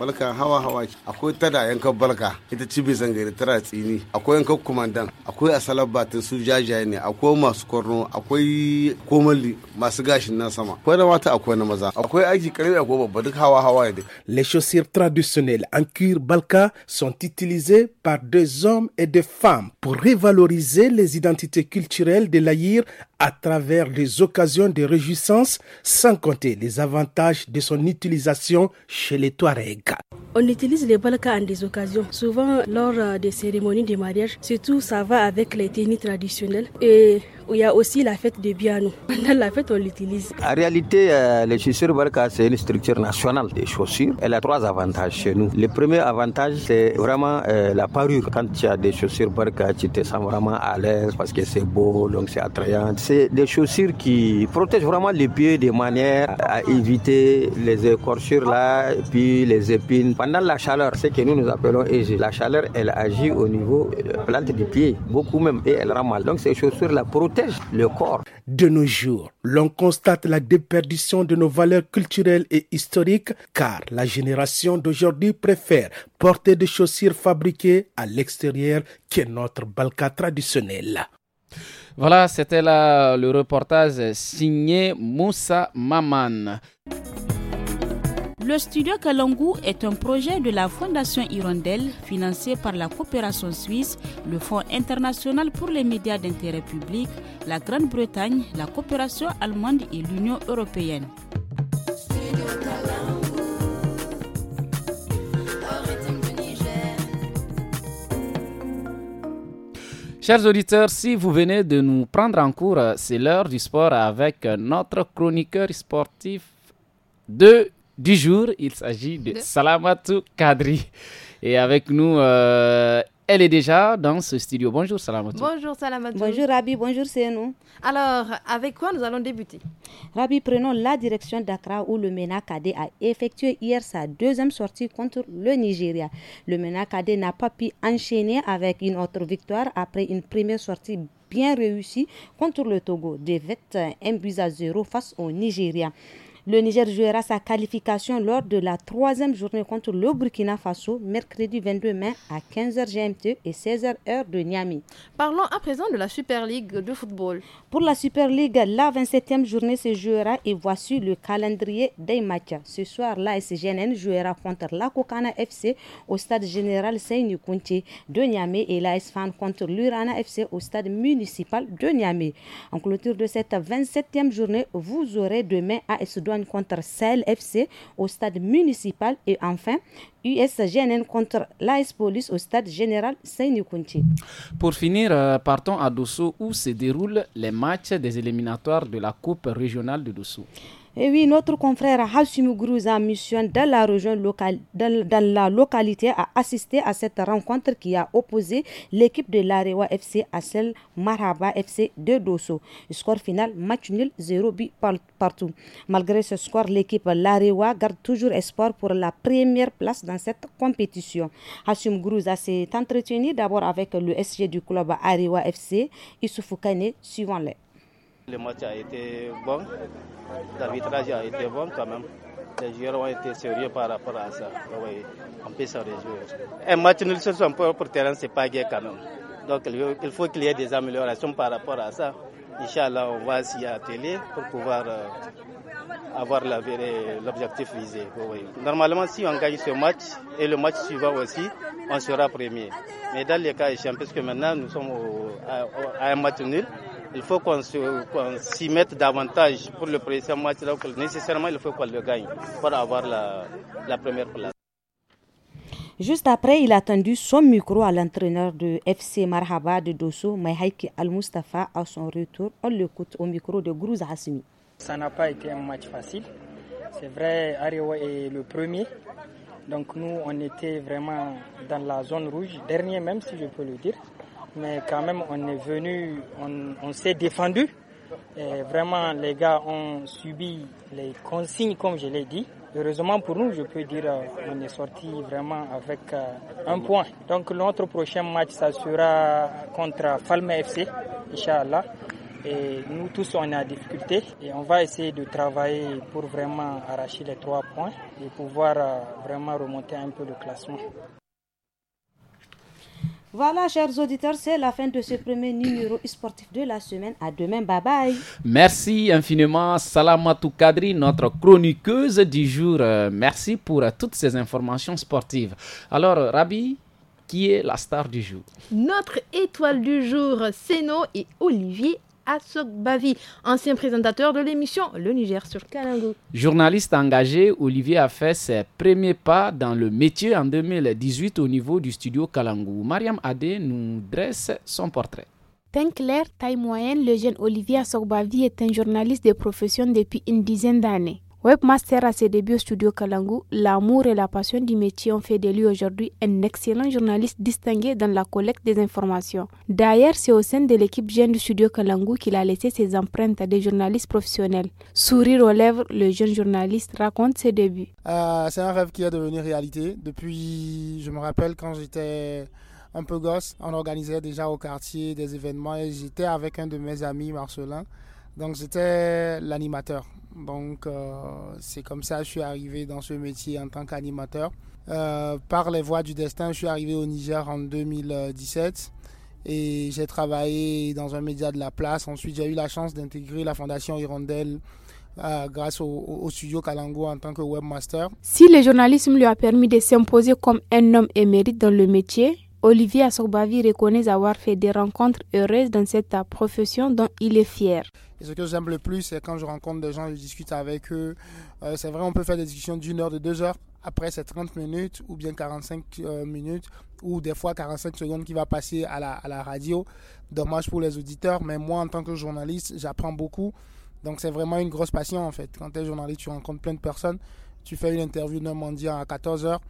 balka hawa hawa akwai tada yankan balka ita cibi zangare tara tsini akwai yankan kumandan akwai asalar batin su jajaye ne akwai masu korno akwai komali masu gashin nan sama akwai na mata akwai na maza akwai aiki karami akwai babba duk hawa hawa ne les chaussures traditionnelles en cuir balka sont utilisées par des hommes et des femmes pour revaloriser les identités culturelles de l'Aïr à travers les occasions de réjouissance, sans compter les avantages de son utilisation chez les Touaregs. On utilise les balkas en des occasions, souvent lors euh, des cérémonies de mariage, surtout ça va avec les tenues traditionnelles et il y a aussi la fête de Biano. Pendant la fête, on l'utilise. En réalité, euh, les chaussures balkas, c'est une structure nationale des chaussures. Elle a trois avantages chez nous. Le premier avantage, c'est vraiment euh, la parure. Quand tu as des chaussures balkas, tu te sens vraiment à l'aise parce que c'est beau, donc c'est attrayant c'est des chaussures qui protègent vraiment les pieds de manière à éviter les écorchures là, et puis les épines. Pendant la chaleur, ce que nous nous appelons Et la chaleur, elle agit au niveau de la plante du pied, beaucoup même, et elle rend mal. Donc ces chaussures là protègent le corps. De nos jours, l'on constate la déperdition de nos valeurs culturelles et historiques, car la génération d'aujourd'hui préfère porter des chaussures fabriquées à l'extérieur que notre balca traditionnel. Voilà, c'était là le reportage signé Moussa Maman. Le studio Kalangu est un projet de la Fondation Hirondelle financé par la coopération suisse, le Fonds international pour les médias d'intérêt public, la Grande-Bretagne, la coopération allemande et l'Union européenne. Chers auditeurs, si vous venez de nous prendre en cours, c'est l'heure du sport avec notre chroniqueur sportif de, du jour. Il s'agit de, Salamatou Kadri. Et avec nous, euh, elle est déjà dans ce studio. Bonjour Salamatou. Bonjour Salamatou. Bonjour Rabi, bonjour nous. Alors, avec quoi nous allons débuter Rabi, prenons la direction d'Accra où le MENA-KD a effectué hier sa deuxième sortie contre le Nigeria. Le MENA-KD n'a pas pu enchaîner avec une autre victoire après une première sortie bien réussie contre le Togo, Des 1 but à 0 face au Nigeria. Le Niger jouera sa qualification lors de la troisième journée contre le Burkina Faso, mercredi 22 mai à 15h GMT et 16h heure de Niamey. Parlons à présent de la Super League de football. Pour la Super League, la 27e journée se jouera et voici le calendrier des matchs. Ce soir, la jouera contre la Kokana FC au stade général Seyni Kounti de Niamey et la contre l'Urana FC au stade municipal de Niamey. En clôture de cette 27e journée, vous aurez demain à contre CLFC FC au stade municipal et enfin USGNN contre l'AS Police au stade général Seynoukounti. Pour finir, euh, partons à Dosso où se déroulent les matchs des éliminatoires de la Coupe régionale de Dosso. Et oui, notre confrère Hassim Grouza, mission dans la région locale, dans, la localité, a assisté à cette rencontre qui a opposé l'équipe de l'Arewa FC à celle Maraba FC de Dosso. Score final, match nul, 0 but partout. Malgré ce score, l'équipe l'Arewa garde toujours espoir pour la première place dans cette compétition. Hassim Grouza s'est entretenu d'abord avec le SG du club Arewa FC, Issoufou Kane, suivant les. Le match a été bon, l'arbitrage a été bon quand même. Les joueurs ont été sérieux par rapport à ça. Ah oui, on peut s'en réjouir. Un match nul sur son propre terrain, n'est pas gai quand même. Donc il faut qu'il y ait des améliorations par rapport à ça. Inch'Allah, on va s'y atteler pour pouvoir euh, avoir l'objectif visé. Ah Normalement, si on gagne ce match et le match suivant aussi, on sera premier. Mais dans les cas échéants, parce maintenant nous sommes à un match nul, il faut qu'on s'y mette davantage pour le président match. Nécessairement, il faut qu'on le gagne pour avoir la, première place. Juste après, il a tendu son micro à l'entraîneur de FC Marhaba de Dosso, Maïhaïki Al-Mustafa, à son retour. On l'écoute au micro de Grouza Hassimi. Ça n'a pas été un match facile. C'est vrai, Ariwa est le premier. Donc nous, on était vraiment dans la zone rouge, dernier même si je peux le dire mais quand même on est venu, on, s'est défendu. Et vraiment, les gars ont subi les consignes, comme je l'ai dit. Heureusement pour nous, je peux dire, euh, on est sorti vraiment avec euh, un point. Donc notre prochain match, ça sera contre Falme FC, Inch'Allah. Et nous tous, on est en difficulté et on va essayer de travailler pour vraiment arracher les trois points et pouvoir euh, vraiment remonter un peu le classement. Voilà, chers auditeurs, c'est la fin de ce premier numéro sportif de la semaine. À demain, bye bye. Merci infiniment, Salamatou Kadri, notre chroniqueuse du jour. Euh, merci pour euh, toutes ces informations sportives. Alors, Rabi, qui est la star du jour Notre étoile du jour, Seno et Olivier Sokbavi, ancien présentateur de l'émission Le Niger sur Kalango. Journaliste engagé, Olivier a fait ses premiers pas dans le métier en 2018 au niveau du studio Kalango. Mariam Adé nous dresse son portrait. Teint clair, taille moyenne, le jeune Olivier Assogbavi est un journaliste de profession depuis une dizaine d'années. Webmaster à ses débuts au studio Kalangu, l'amour et la passion du métier ont fait de lui aujourd'hui un excellent journaliste distingué dans la collecte des informations. D'ailleurs, c'est au sein de l'équipe jeune du studio Kalangu qu'il a laissé ses empreintes à des journalistes professionnels. Sourire aux lèvres, le jeune journaliste raconte ses débuts. Euh, c'est un rêve qui est devenu réalité. Depuis, je me rappelle quand j'étais un peu gosse, on organisait déjà au quartier des événements et j'étais avec un de mes amis, Marcelin. Donc j'étais l'animateur. Donc euh, c'est comme ça que je suis arrivé dans ce métier en tant qu'animateur. Euh, par les voies du destin, je suis arrivé au Niger en 2017 et j'ai travaillé dans un média de la place. Ensuite, j'ai eu la chance d'intégrer la Fondation Hirondelle euh, grâce au studio Kalango en tant que webmaster. Si le journalisme lui a permis de s'imposer comme un homme émérite dans le métier, Olivier Assogbavi reconnaît avoir fait des rencontres heureuses dans cette profession dont il est fier. ce que j'aime le plus, c'est quand je rencontre des gens, je discute avec eux. Euh, c'est vrai, on peut faire des discussions d'une heure, de deux heures. Après, c'est 30 minutes ou bien 45 euh, minutes ou des fois 45 secondes qui va passer à la, radio. Dommage pour les auditeurs, mais moi, en tant que journaliste, j'apprends beaucoup. Donc, c'est vraiment une grosse passion en fait. Quand tu es journaliste, tu rencontres plein de personnes. Tu fais une interview d'un mendiant à 14 heures.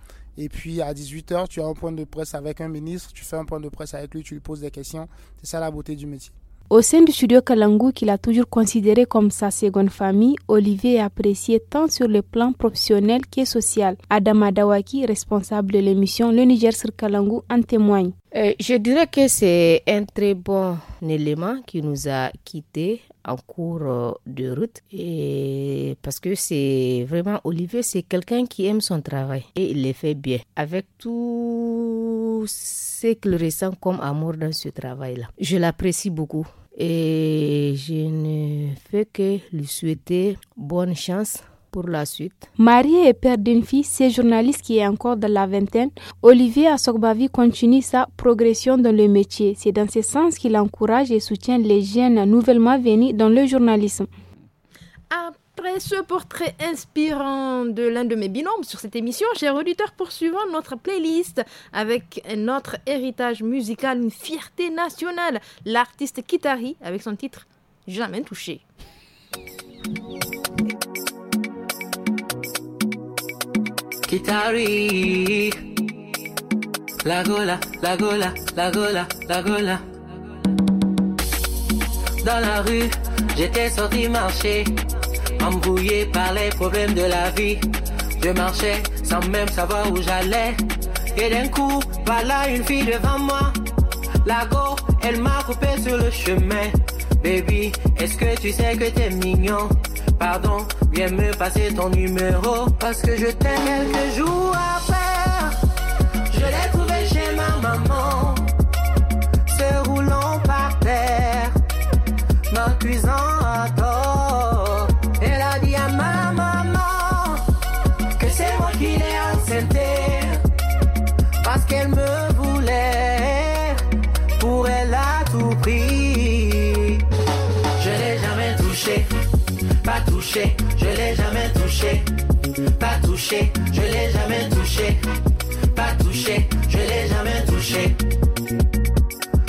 Et puis à 18h, tu as un point de presse avec un ministre, tu fais un point de presse avec lui, tu lui poses des questions. C'est ça la beauté du métier. Au sein du studio Kalangu, qu'il a toujours considéré comme sa seconde famille, Olivier est apprécié tant sur le plan professionnel qu'est social. Adam Adawaki, responsable de l'émission Le Niger sur Kalangu, en témoigne. Euh, je dirais que c'est un très bon élément qui nous a quittés en cours euh, de route et parce que c'est vraiment Olivier, c'est quelqu'un qui aime son travail et il le fait bien avec tout ce qu'il ressent comme amour dans ce travail-là. Je l'apprécie beaucoup et je ne fais que lui souhaiter bonne chance pour la suite. Marié et père d'une fille, c'est journaliste qui est encore dans la vingtaine. Olivier Assogbavi continue sa progression dans le métier. C'est dans ce sens qu'il encourage et soutient les jeunes nouvellement venus dans le journalisme. Après ce portrait inspirant de l'un de mes binômes sur cette émission, chers auditeurs, poursuivons notre playlist avec notre héritage musical, une fierté nationale, l'artiste Kitari avec son titre Jamais touché. Kitari La gola, la gola, la gola, la gola Dans la rue, j'étais sorti marcher Embrouillé par les problèmes de la vie Je marchais sans même savoir où j'allais Et d'un coup, voilà une fille devant moi La gola, elle m'a coupé sur le chemin Baby, est-ce que tu sais que t'es mignon Pardon, viens me passer ton numéro Parce que je t'aime quelques jours après Je l'ai trouvé chez ma maman Se roulant par terre Ma je l'ai jamais touché. Pas touché, je l'ai jamais touché. Pas touché, je l'ai jamais touché.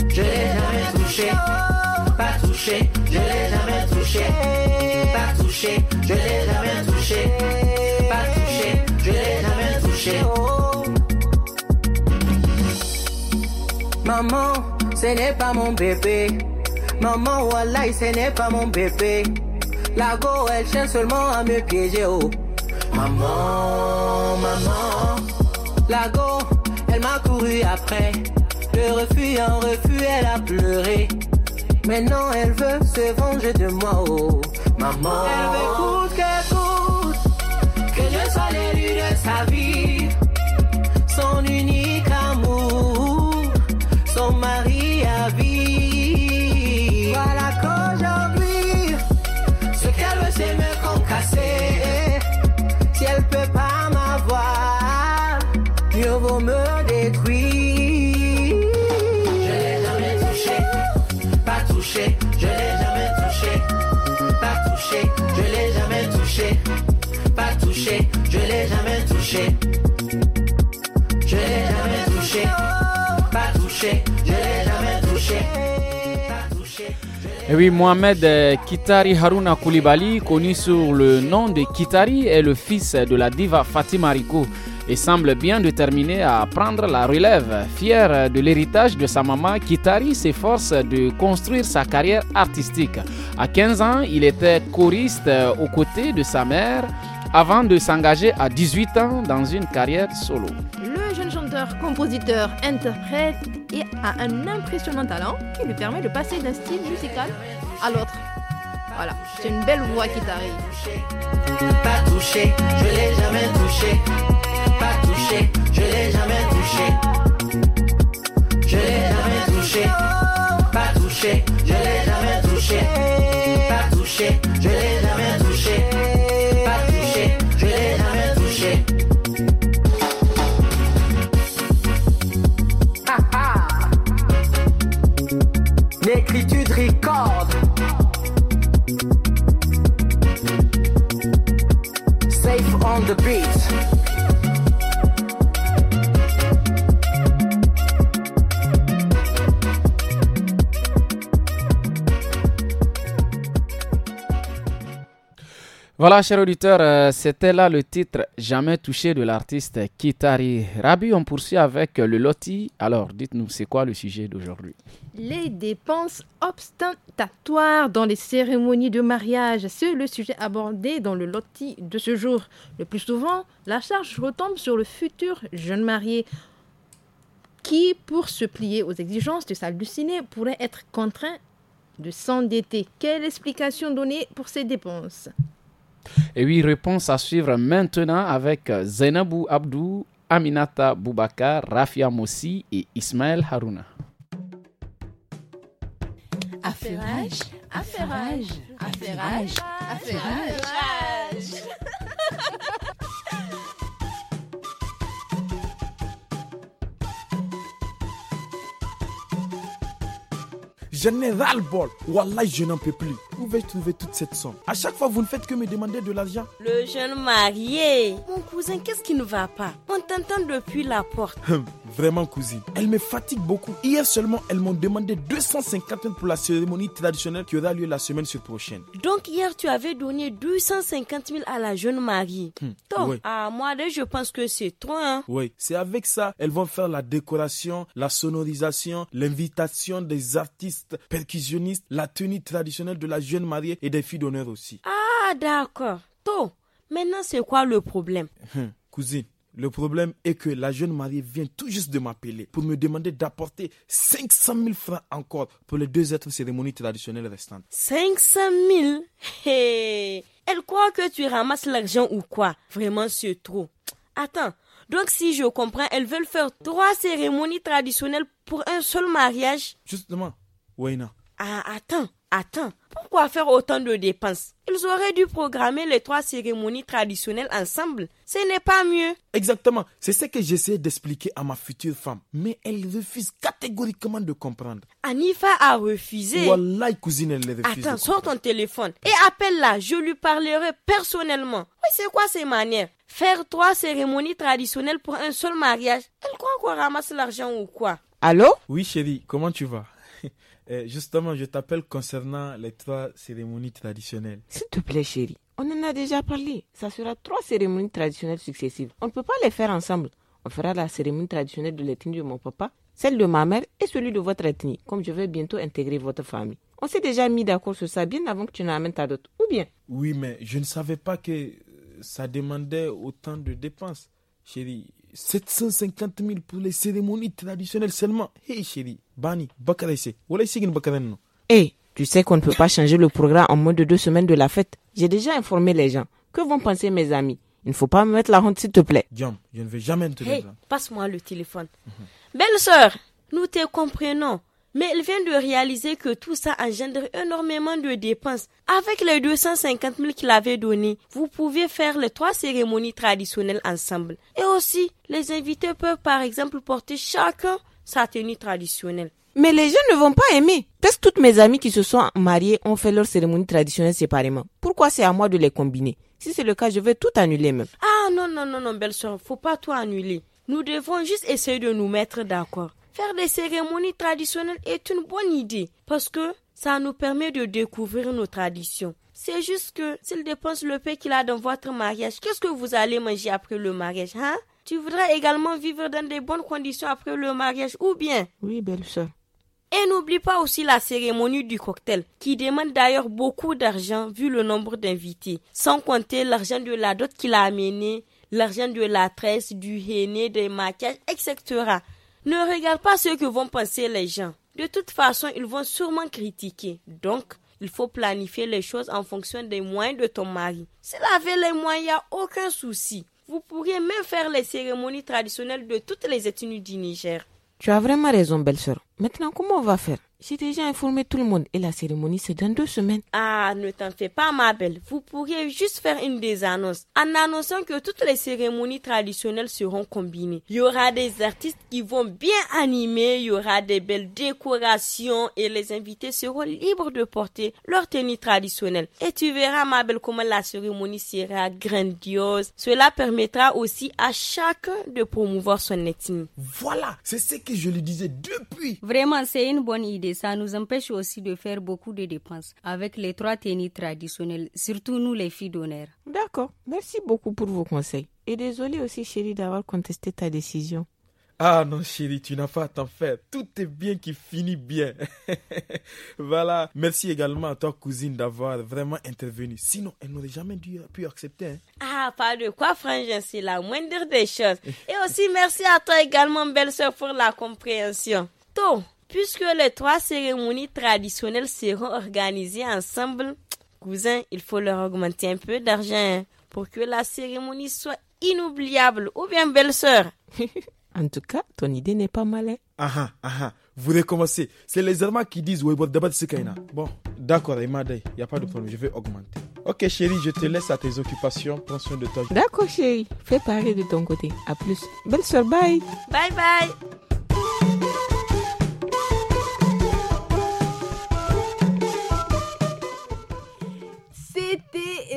Je l'ai jamais touché. Pas touché, je l'ai jamais touché. Pas touché, je l'ai jamais touché. Pas touché, je l'ai jamais touché. Maman, ce n'est pas mon bébé. Maman, voilà, ce n'est pas mon bébé. La go, elle tient seulement à me piéger, oh. Maman, maman. La go, elle m'a couru après. Le refus en refus, elle a pleuré. Maintenant, elle veut se venger de moi, oh. Maman. Elle veut coûte que coûte. Que je sois l'élu de sa vie. Son unique amour. Son mari. Eh Mohamed euh, Kitari Haruna Koulibaly, connu sous le nom de Kitari, est le fils de la diva Fatima Rico et semble bien déterminé à prendre la relève. Fier de l'héritage de sa maman, Kitari s'efforce de construire sa carrière artistique. À 15 ans, il était choriste aux côtés de sa mère avant de s'engager à 18 ans dans une carrière solo compositeur, interprète et a un impressionnant talent qui lui permet de passer d'un style musical à l'autre. Voilà, c'est une belle voix qui t'arrive. Pas touché, je l'ai jamais touché. Pas touché, je l'ai jamais touché. Voilà, chers auditeurs, euh, c'était là le titre Jamais touché de l'artiste Kitari Rabi. On poursuit avec le loti. Alors, dites-nous, c'est quoi le sujet d'aujourd'hui Les dépenses obstinatoires dans les cérémonies de mariage. C'est le sujet abordé dans le loti de ce jour. Le plus souvent, la charge retombe sur le futur jeune marié qui, pour se plier aux exigences de s'halluciner, pourrait être contraint de s'endetter. Quelle explication donner pour ces dépenses et oui, réponse à suivre maintenant avec Zainabou Abdou, Aminata Boubaka, Rafia Mossi et Ismaël Harouna. Affairage, affairage, affairage, affairage. Je n'ai ras le bol, Wallah, je n'en peux plus où vais-je trouver toute cette somme À chaque fois, vous ne faites que me demander de l'argent. Le jeune marié. Mon cousin, qu'est-ce qui ne va pas On t'entend depuis la porte. vraiment, cousine. Elle me fatigue beaucoup. Hier seulement, elles m'ont demandé 250 000 pour la cérémonie traditionnelle qui aura lieu la semaine prochaine. Donc, hier, tu avais donné 250 000 à la jeune mariée. Hmm, Donc à moi, je pense que c'est toi. Hein. Oui, c'est avec ça, elles vont faire la décoration, la sonorisation, l'invitation des artistes percussionnistes, la tenue traditionnelle de la jeunes mariée et des filles d'honneur aussi. Ah, d'accord. To, maintenant c'est quoi le problème hum, Cousine, le problème est que la jeune mariée vient tout juste de m'appeler pour me demander d'apporter 500 000 francs encore pour les deux autres cérémonies traditionnelles restantes. 500 000 Elle croit que tu ramasses l'argent ou quoi Vraiment, c'est trop. Attends, donc si je comprends, elles veulent faire trois cérémonies traditionnelles pour un seul mariage Justement, non. Ah, attends, Attends, pourquoi faire autant de dépenses Ils auraient dû programmer les trois cérémonies traditionnelles ensemble. Ce n'est pas mieux. Exactement, c'est ce que j'essaie d'expliquer à ma future femme. Mais elle refuse catégoriquement de comprendre. Anifa a refusé. Wallah, cousine, elle refuse. Attends, sors ton téléphone et appelle-la. Je lui parlerai personnellement. Oui, c'est quoi ces manières Faire trois cérémonies traditionnelles pour un seul mariage Elle croit qu'on ramasse l'argent ou quoi Allô Oui, chérie, comment tu vas euh, justement, je t'appelle concernant les trois cérémonies traditionnelles. S'il te plaît, chérie, on en a déjà parlé. Ça sera trois cérémonies traditionnelles successives. On ne peut pas les faire ensemble. On fera la cérémonie traditionnelle de l'ethnie de mon papa, celle de ma mère et celui de votre ethnie, comme je vais bientôt intégrer votre famille. On s'est déjà mis d'accord sur ça bien avant que tu n'amènes ta dot, ou bien Oui, mais je ne savais pas que ça demandait autant de dépenses. Chérie, 750 000 pour les cérémonies traditionnelles seulement. Hé hey, chérie, Bani, voilà eh, tu sais qu'on ne peut pas changer le programme en moins de deux semaines de la fête. J'ai déjà informé les gens. Que vont penser mes amis Il ne faut pas me mettre la honte, s'il te plaît. je ne vais jamais te Passe-moi le téléphone. Mhm. Belle sœur, nous te comprenons. Mais elle vient de réaliser que tout ça engendre énormément de dépenses. Avec les 250 000 qu'il avait donnés, vous pouvez faire les trois cérémonies traditionnelles ensemble. Et aussi, les invités peuvent par exemple porter chacun sa tenue traditionnelle. Mais les gens ne vont pas aimer. Parce que toutes mes amies qui se sont mariées ont fait leur cérémonie traditionnelle séparément. Pourquoi c'est à moi de les combiner Si c'est le cas, je vais tout annuler même. Ah non, non, non, non, belle soeur, faut pas tout annuler. Nous devons juste essayer de nous mettre d'accord faire des cérémonies traditionnelles est une bonne idée parce que ça nous permet de découvrir nos traditions. C'est juste que s'il dépense le paix qu'il a dans votre mariage, qu'est-ce que vous allez manger après le mariage, hein? Tu voudras également vivre dans de bonnes conditions après le mariage ou bien? Oui, belle sœur. Et n'oublie pas aussi la cérémonie du cocktail, qui demande d'ailleurs beaucoup d'argent vu le nombre d'invités, sans compter l'argent de la dot qu'il a amené, l'argent de la tresse, du henné, des maquillages, etc. Ne regarde pas ce que vont penser les gens. De toute façon, ils vont sûrement critiquer. Donc, il faut planifier les choses en fonction des moyens de ton mari. S'il avait les moyens, il n'y a aucun souci. Vous pourriez même faire les cérémonies traditionnelles de toutes les ethnies du Niger. Tu as vraiment raison, belle-sœur. Maintenant, comment on va faire j'ai déjà informé tout le monde et la cérémonie c'est dans deux semaines. Ah, ne t'en fais pas ma belle. Vous pourriez juste faire une des annonces en annonçant que toutes les cérémonies traditionnelles seront combinées. Il y aura des artistes qui vont bien animer, il y aura des belles décorations et les invités seront libres de porter leur tenue traditionnelle. Et tu verras ma belle comment la cérémonie sera grandiose. Cela permettra aussi à chacun de promouvoir son ethnie. Voilà, c'est ce que je lui disais depuis. Vraiment, c'est une bonne idée et ça nous empêche aussi de faire beaucoup de dépenses avec les trois tennis traditionnels, surtout nous les filles d'honneur. D'accord, merci beaucoup pour vos conseils. Et désolé aussi chérie d'avoir contesté ta décision. Ah non chérie, tu n'as pas à t'en faire. Tout est bien qui finit bien. voilà. Merci également à toi cousine d'avoir vraiment intervenu. Sinon, elle n'aurait jamais dû, pu accepter. Hein. Ah, pas de quoi, frangin, c'est la moindre des choses. Et aussi merci à toi également, belle-sœur, pour la compréhension. Tout. Puisque les trois cérémonies traditionnelles seront organisées ensemble, cousin, il faut leur augmenter un peu d'argent pour que la cérémonie soit inoubliable. Ou bien belle-sœur. en tout cas, ton idée n'est pas mal. Hein? Ah ah, ah, ah. vous recommencez. C'est les Allemands qui disent oui, bon, Bon, d'accord, il n'y a pas de problème, je vais augmenter. Ok, chérie, je te laisse à tes occupations. Prends soin de toi. D'accord, chérie, fais pareil de ton côté. À plus. Belle soeur, bye. Bye bye.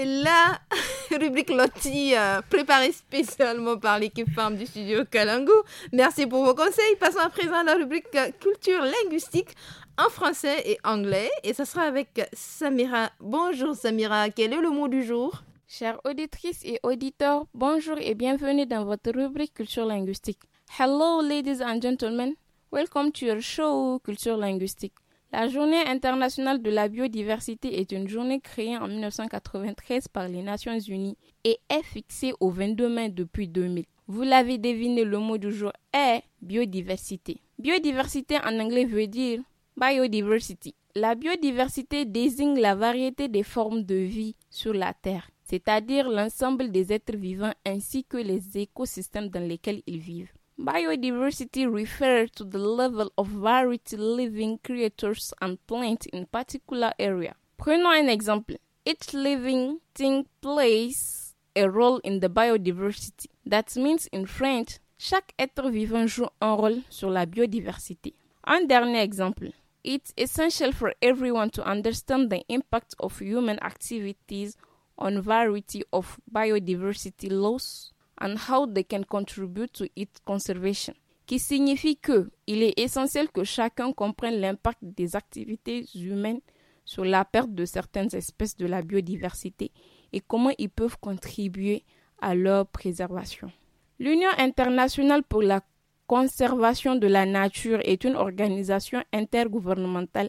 la rubrique Loti euh, préparée spécialement par l'équipe femme du studio Kalangu. Merci pour vos conseils. Passons à présent à la rubrique euh, culture linguistique en français et anglais. Et ça sera avec Samira. Bonjour Samira, quel est le mot du jour Chères auditrices et auditeurs, bonjour et bienvenue dans votre rubrique culture linguistique. Hello ladies and gentlemen, welcome to your show culture linguistique. La journée internationale de la biodiversité est une journée créée en 1993 par les Nations Unies et est fixée au 22 mai depuis 2000. Vous l'avez deviné, le mot du jour est biodiversité. Biodiversité en anglais veut dire biodiversity. La biodiversité désigne la variété des formes de vie sur la Terre, c'est-à-dire l'ensemble des êtres vivants ainsi que les écosystèmes dans lesquels ils vivent. Biodiversity refers to the level of variety living creatures and plants in particular area. Prenons un exemple. Each living thing plays a role in the biodiversity. That means in French, chaque être vivant joue un rôle sur la biodiversité. Un dernier exemple. It's essential for everyone to understand the impact of human activities on variety of biodiversity loss and how they can contribute to its conservation, qui signifie que il est essentiel que chacun comprenne l'impact des activités humaines sur la perte de certaines espèces de la biodiversité et comment ils peuvent contribuer à leur préservation. L'Union internationale pour la conservation de la nature est une organisation intergouvernementale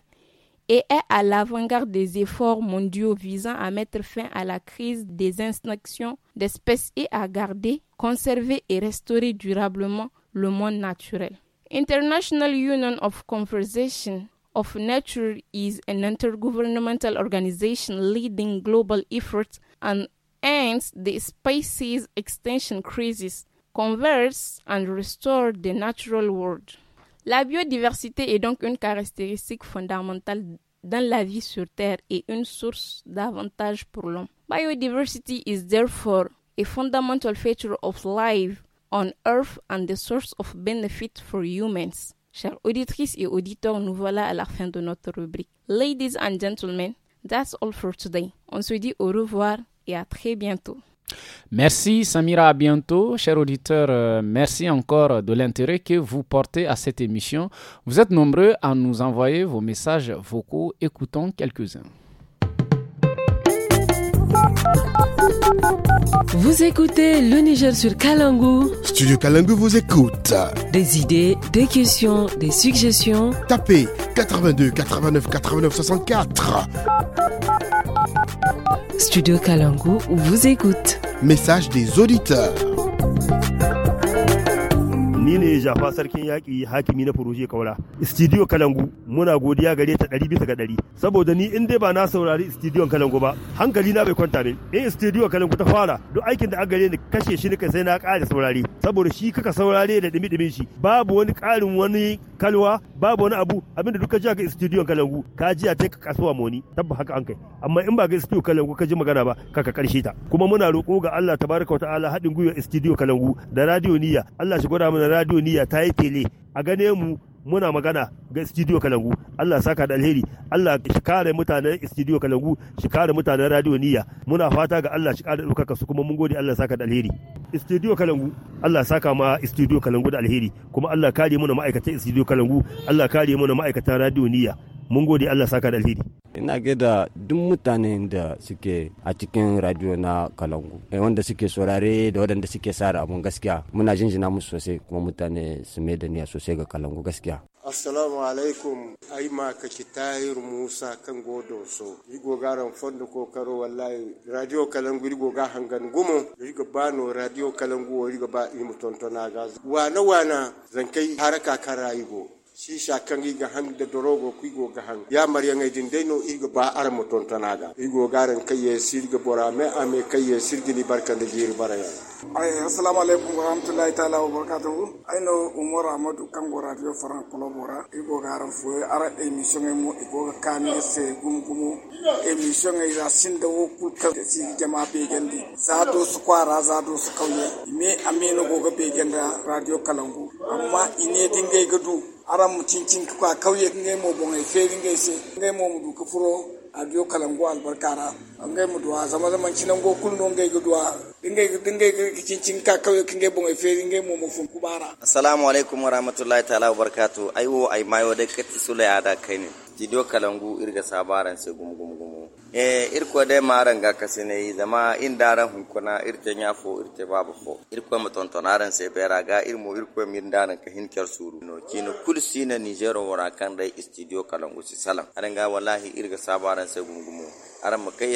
et est à l'avant-garde des efforts mondiaux visant à mettre fin à la crise des extinctions d'espèces et à garder, conserver et restaurer durablement le monde naturel. International Union of Conversation of Nature is an intergovernmental organization leading global efforts and ends the species extinction crisis, conserve and restore the natural world. La biodiversité est donc une caractéristique fondamentale dans la vie sur Terre et une source d'avantages pour l'homme. Biodiversity is therefore a fundamental feature of life on Earth and the source of benefit for humans. Chers auditrices et auditeurs, nous voilà à la fin de notre rubrique. Ladies and gentlemen, that's all for today. On se dit au revoir et à très bientôt. Merci Samira, à bientôt. Chers auditeurs, euh, merci encore de l'intérêt que vous portez à cette émission. Vous êtes nombreux à nous envoyer vos messages vocaux. Écoutons quelques-uns. Vous écoutez le Niger sur Kalangu. Studio Kalangu vous écoute. Des idées, des questions, des suggestions. Tapez 82 89 89 64. Studio Kalangu vous écoute. Message des auditeurs. ni ne jafa sarkin yaƙi hakimi na furoje kaula studio kalangu muna godiya gare ta ɗari bisa ga ɗari saboda ni in dai ba na saurari studio kalangu ba hankali na bai kwanta ne in eh, studio kalangu ta fara duk aikin da aka gare ni kashe shi ni kai sai na ƙara saurari. saboda shi kaka saurare da ɗimi-ɗimin shi babu wani ƙarin wani kalwa babu wani abu abinda duka ji ga studio kalangu ka ji a ta ka kasuwa moni tabba haka an kai amma in ba ga studio kalangu ka ji magana ba ka karshe ta kuma muna roƙo ga Allah tabaraka wa ta'ala haɗin gwiwa studio kalangu da radio niyya Allah shi gwada mana radio niya ta yi tele a gane mu muna magana ga studio kalangu Allah saka da alheri Allah shi kare mutanen studio kalangu shi kare mutanen radio niyya muna fata ga Allah shi kare ɗaukaka su kuma mun gode Allah saka da alheri studio kalangu Allah saka ma studio kalangu da alheri kuma Allah kare mu na ma'aikatan studio kalangu Allah kare mu na ma'aikatan radio niyya mun gode Allah saka da alheri ina da duk mutanen da suke a cikin radio na kalangu eh, wanda suke saurare da waɗanda suke sara mun gaskiya muna jinjina musu sosai kuma mutane su mai da niyya sosai ga kalangu gaskiya assalamu alaikum ai ma ka ci musa kan godo so yi gogaran fondo ko karo wallahi radio kalangu yi goga hangan gumo yigo bano radio kalangu yigo ba yi mutuntuna ga wana wana kai haraka kan rayigo Si kangi ga hang da dorogo kui go ga ya mariya ngai din dai no ba ar ton tanaga igo garan kai sirga bora ame kai ya sirgi ni de da jir baraya ay assalamu alaikum wa rahmatullahi ta'ala wa barakatuh ay no umar ahmad kango radio faran kolobora igo garan fu ara emission ngai mo igo ga kame se gum gumu emission ngai e ra sinda wo kul ka si jama be gendi zato su kwara zato su kauye me amene go ga be ganda radio kalangu amma ine dingai gudu aram cincin ka kauye ngai mo bongai feri ngai se ngai mo mudu kufuro adiyo kalangu albarkara mu duwa sama sama chinan go kul gai ngai gudwa dingai dingai cincin ka kawai kingai bongai fe dingai mo mo fun kubara assalamu alaikum warahmatullahi ta'ala wabarakatuh aiwo ai mayo da kati sulai da kai ne do kalangu irga sabaran sai gum gum gum eh irko dai maran ga ne zama in daran hunkuna irte nya fo irte babu fo irko mu tontonaran sai bera ga irmo irko min daran ka hinkar suru no kino kul na nijero wara kan dai studio kalangu si salam aranga wallahi irga sabaran sai gum gum aran mu kai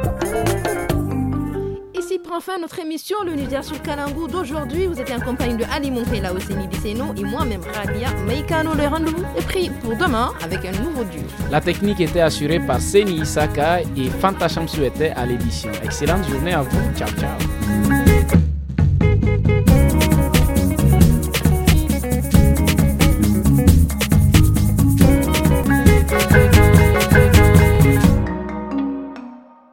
enfin notre émission, l'univers sur Kalangu d'aujourd'hui. Vous êtes en compagnie de Ali Monkela Osseni Diseno et moi-même Rabia Meikano. Le rendez-vous est pris pour demain avec un nouveau duo. La technique était assurée par Seni Isaka et Fanta souhaitait était à l'édition. Excellente journée à vous. Ciao, ciao.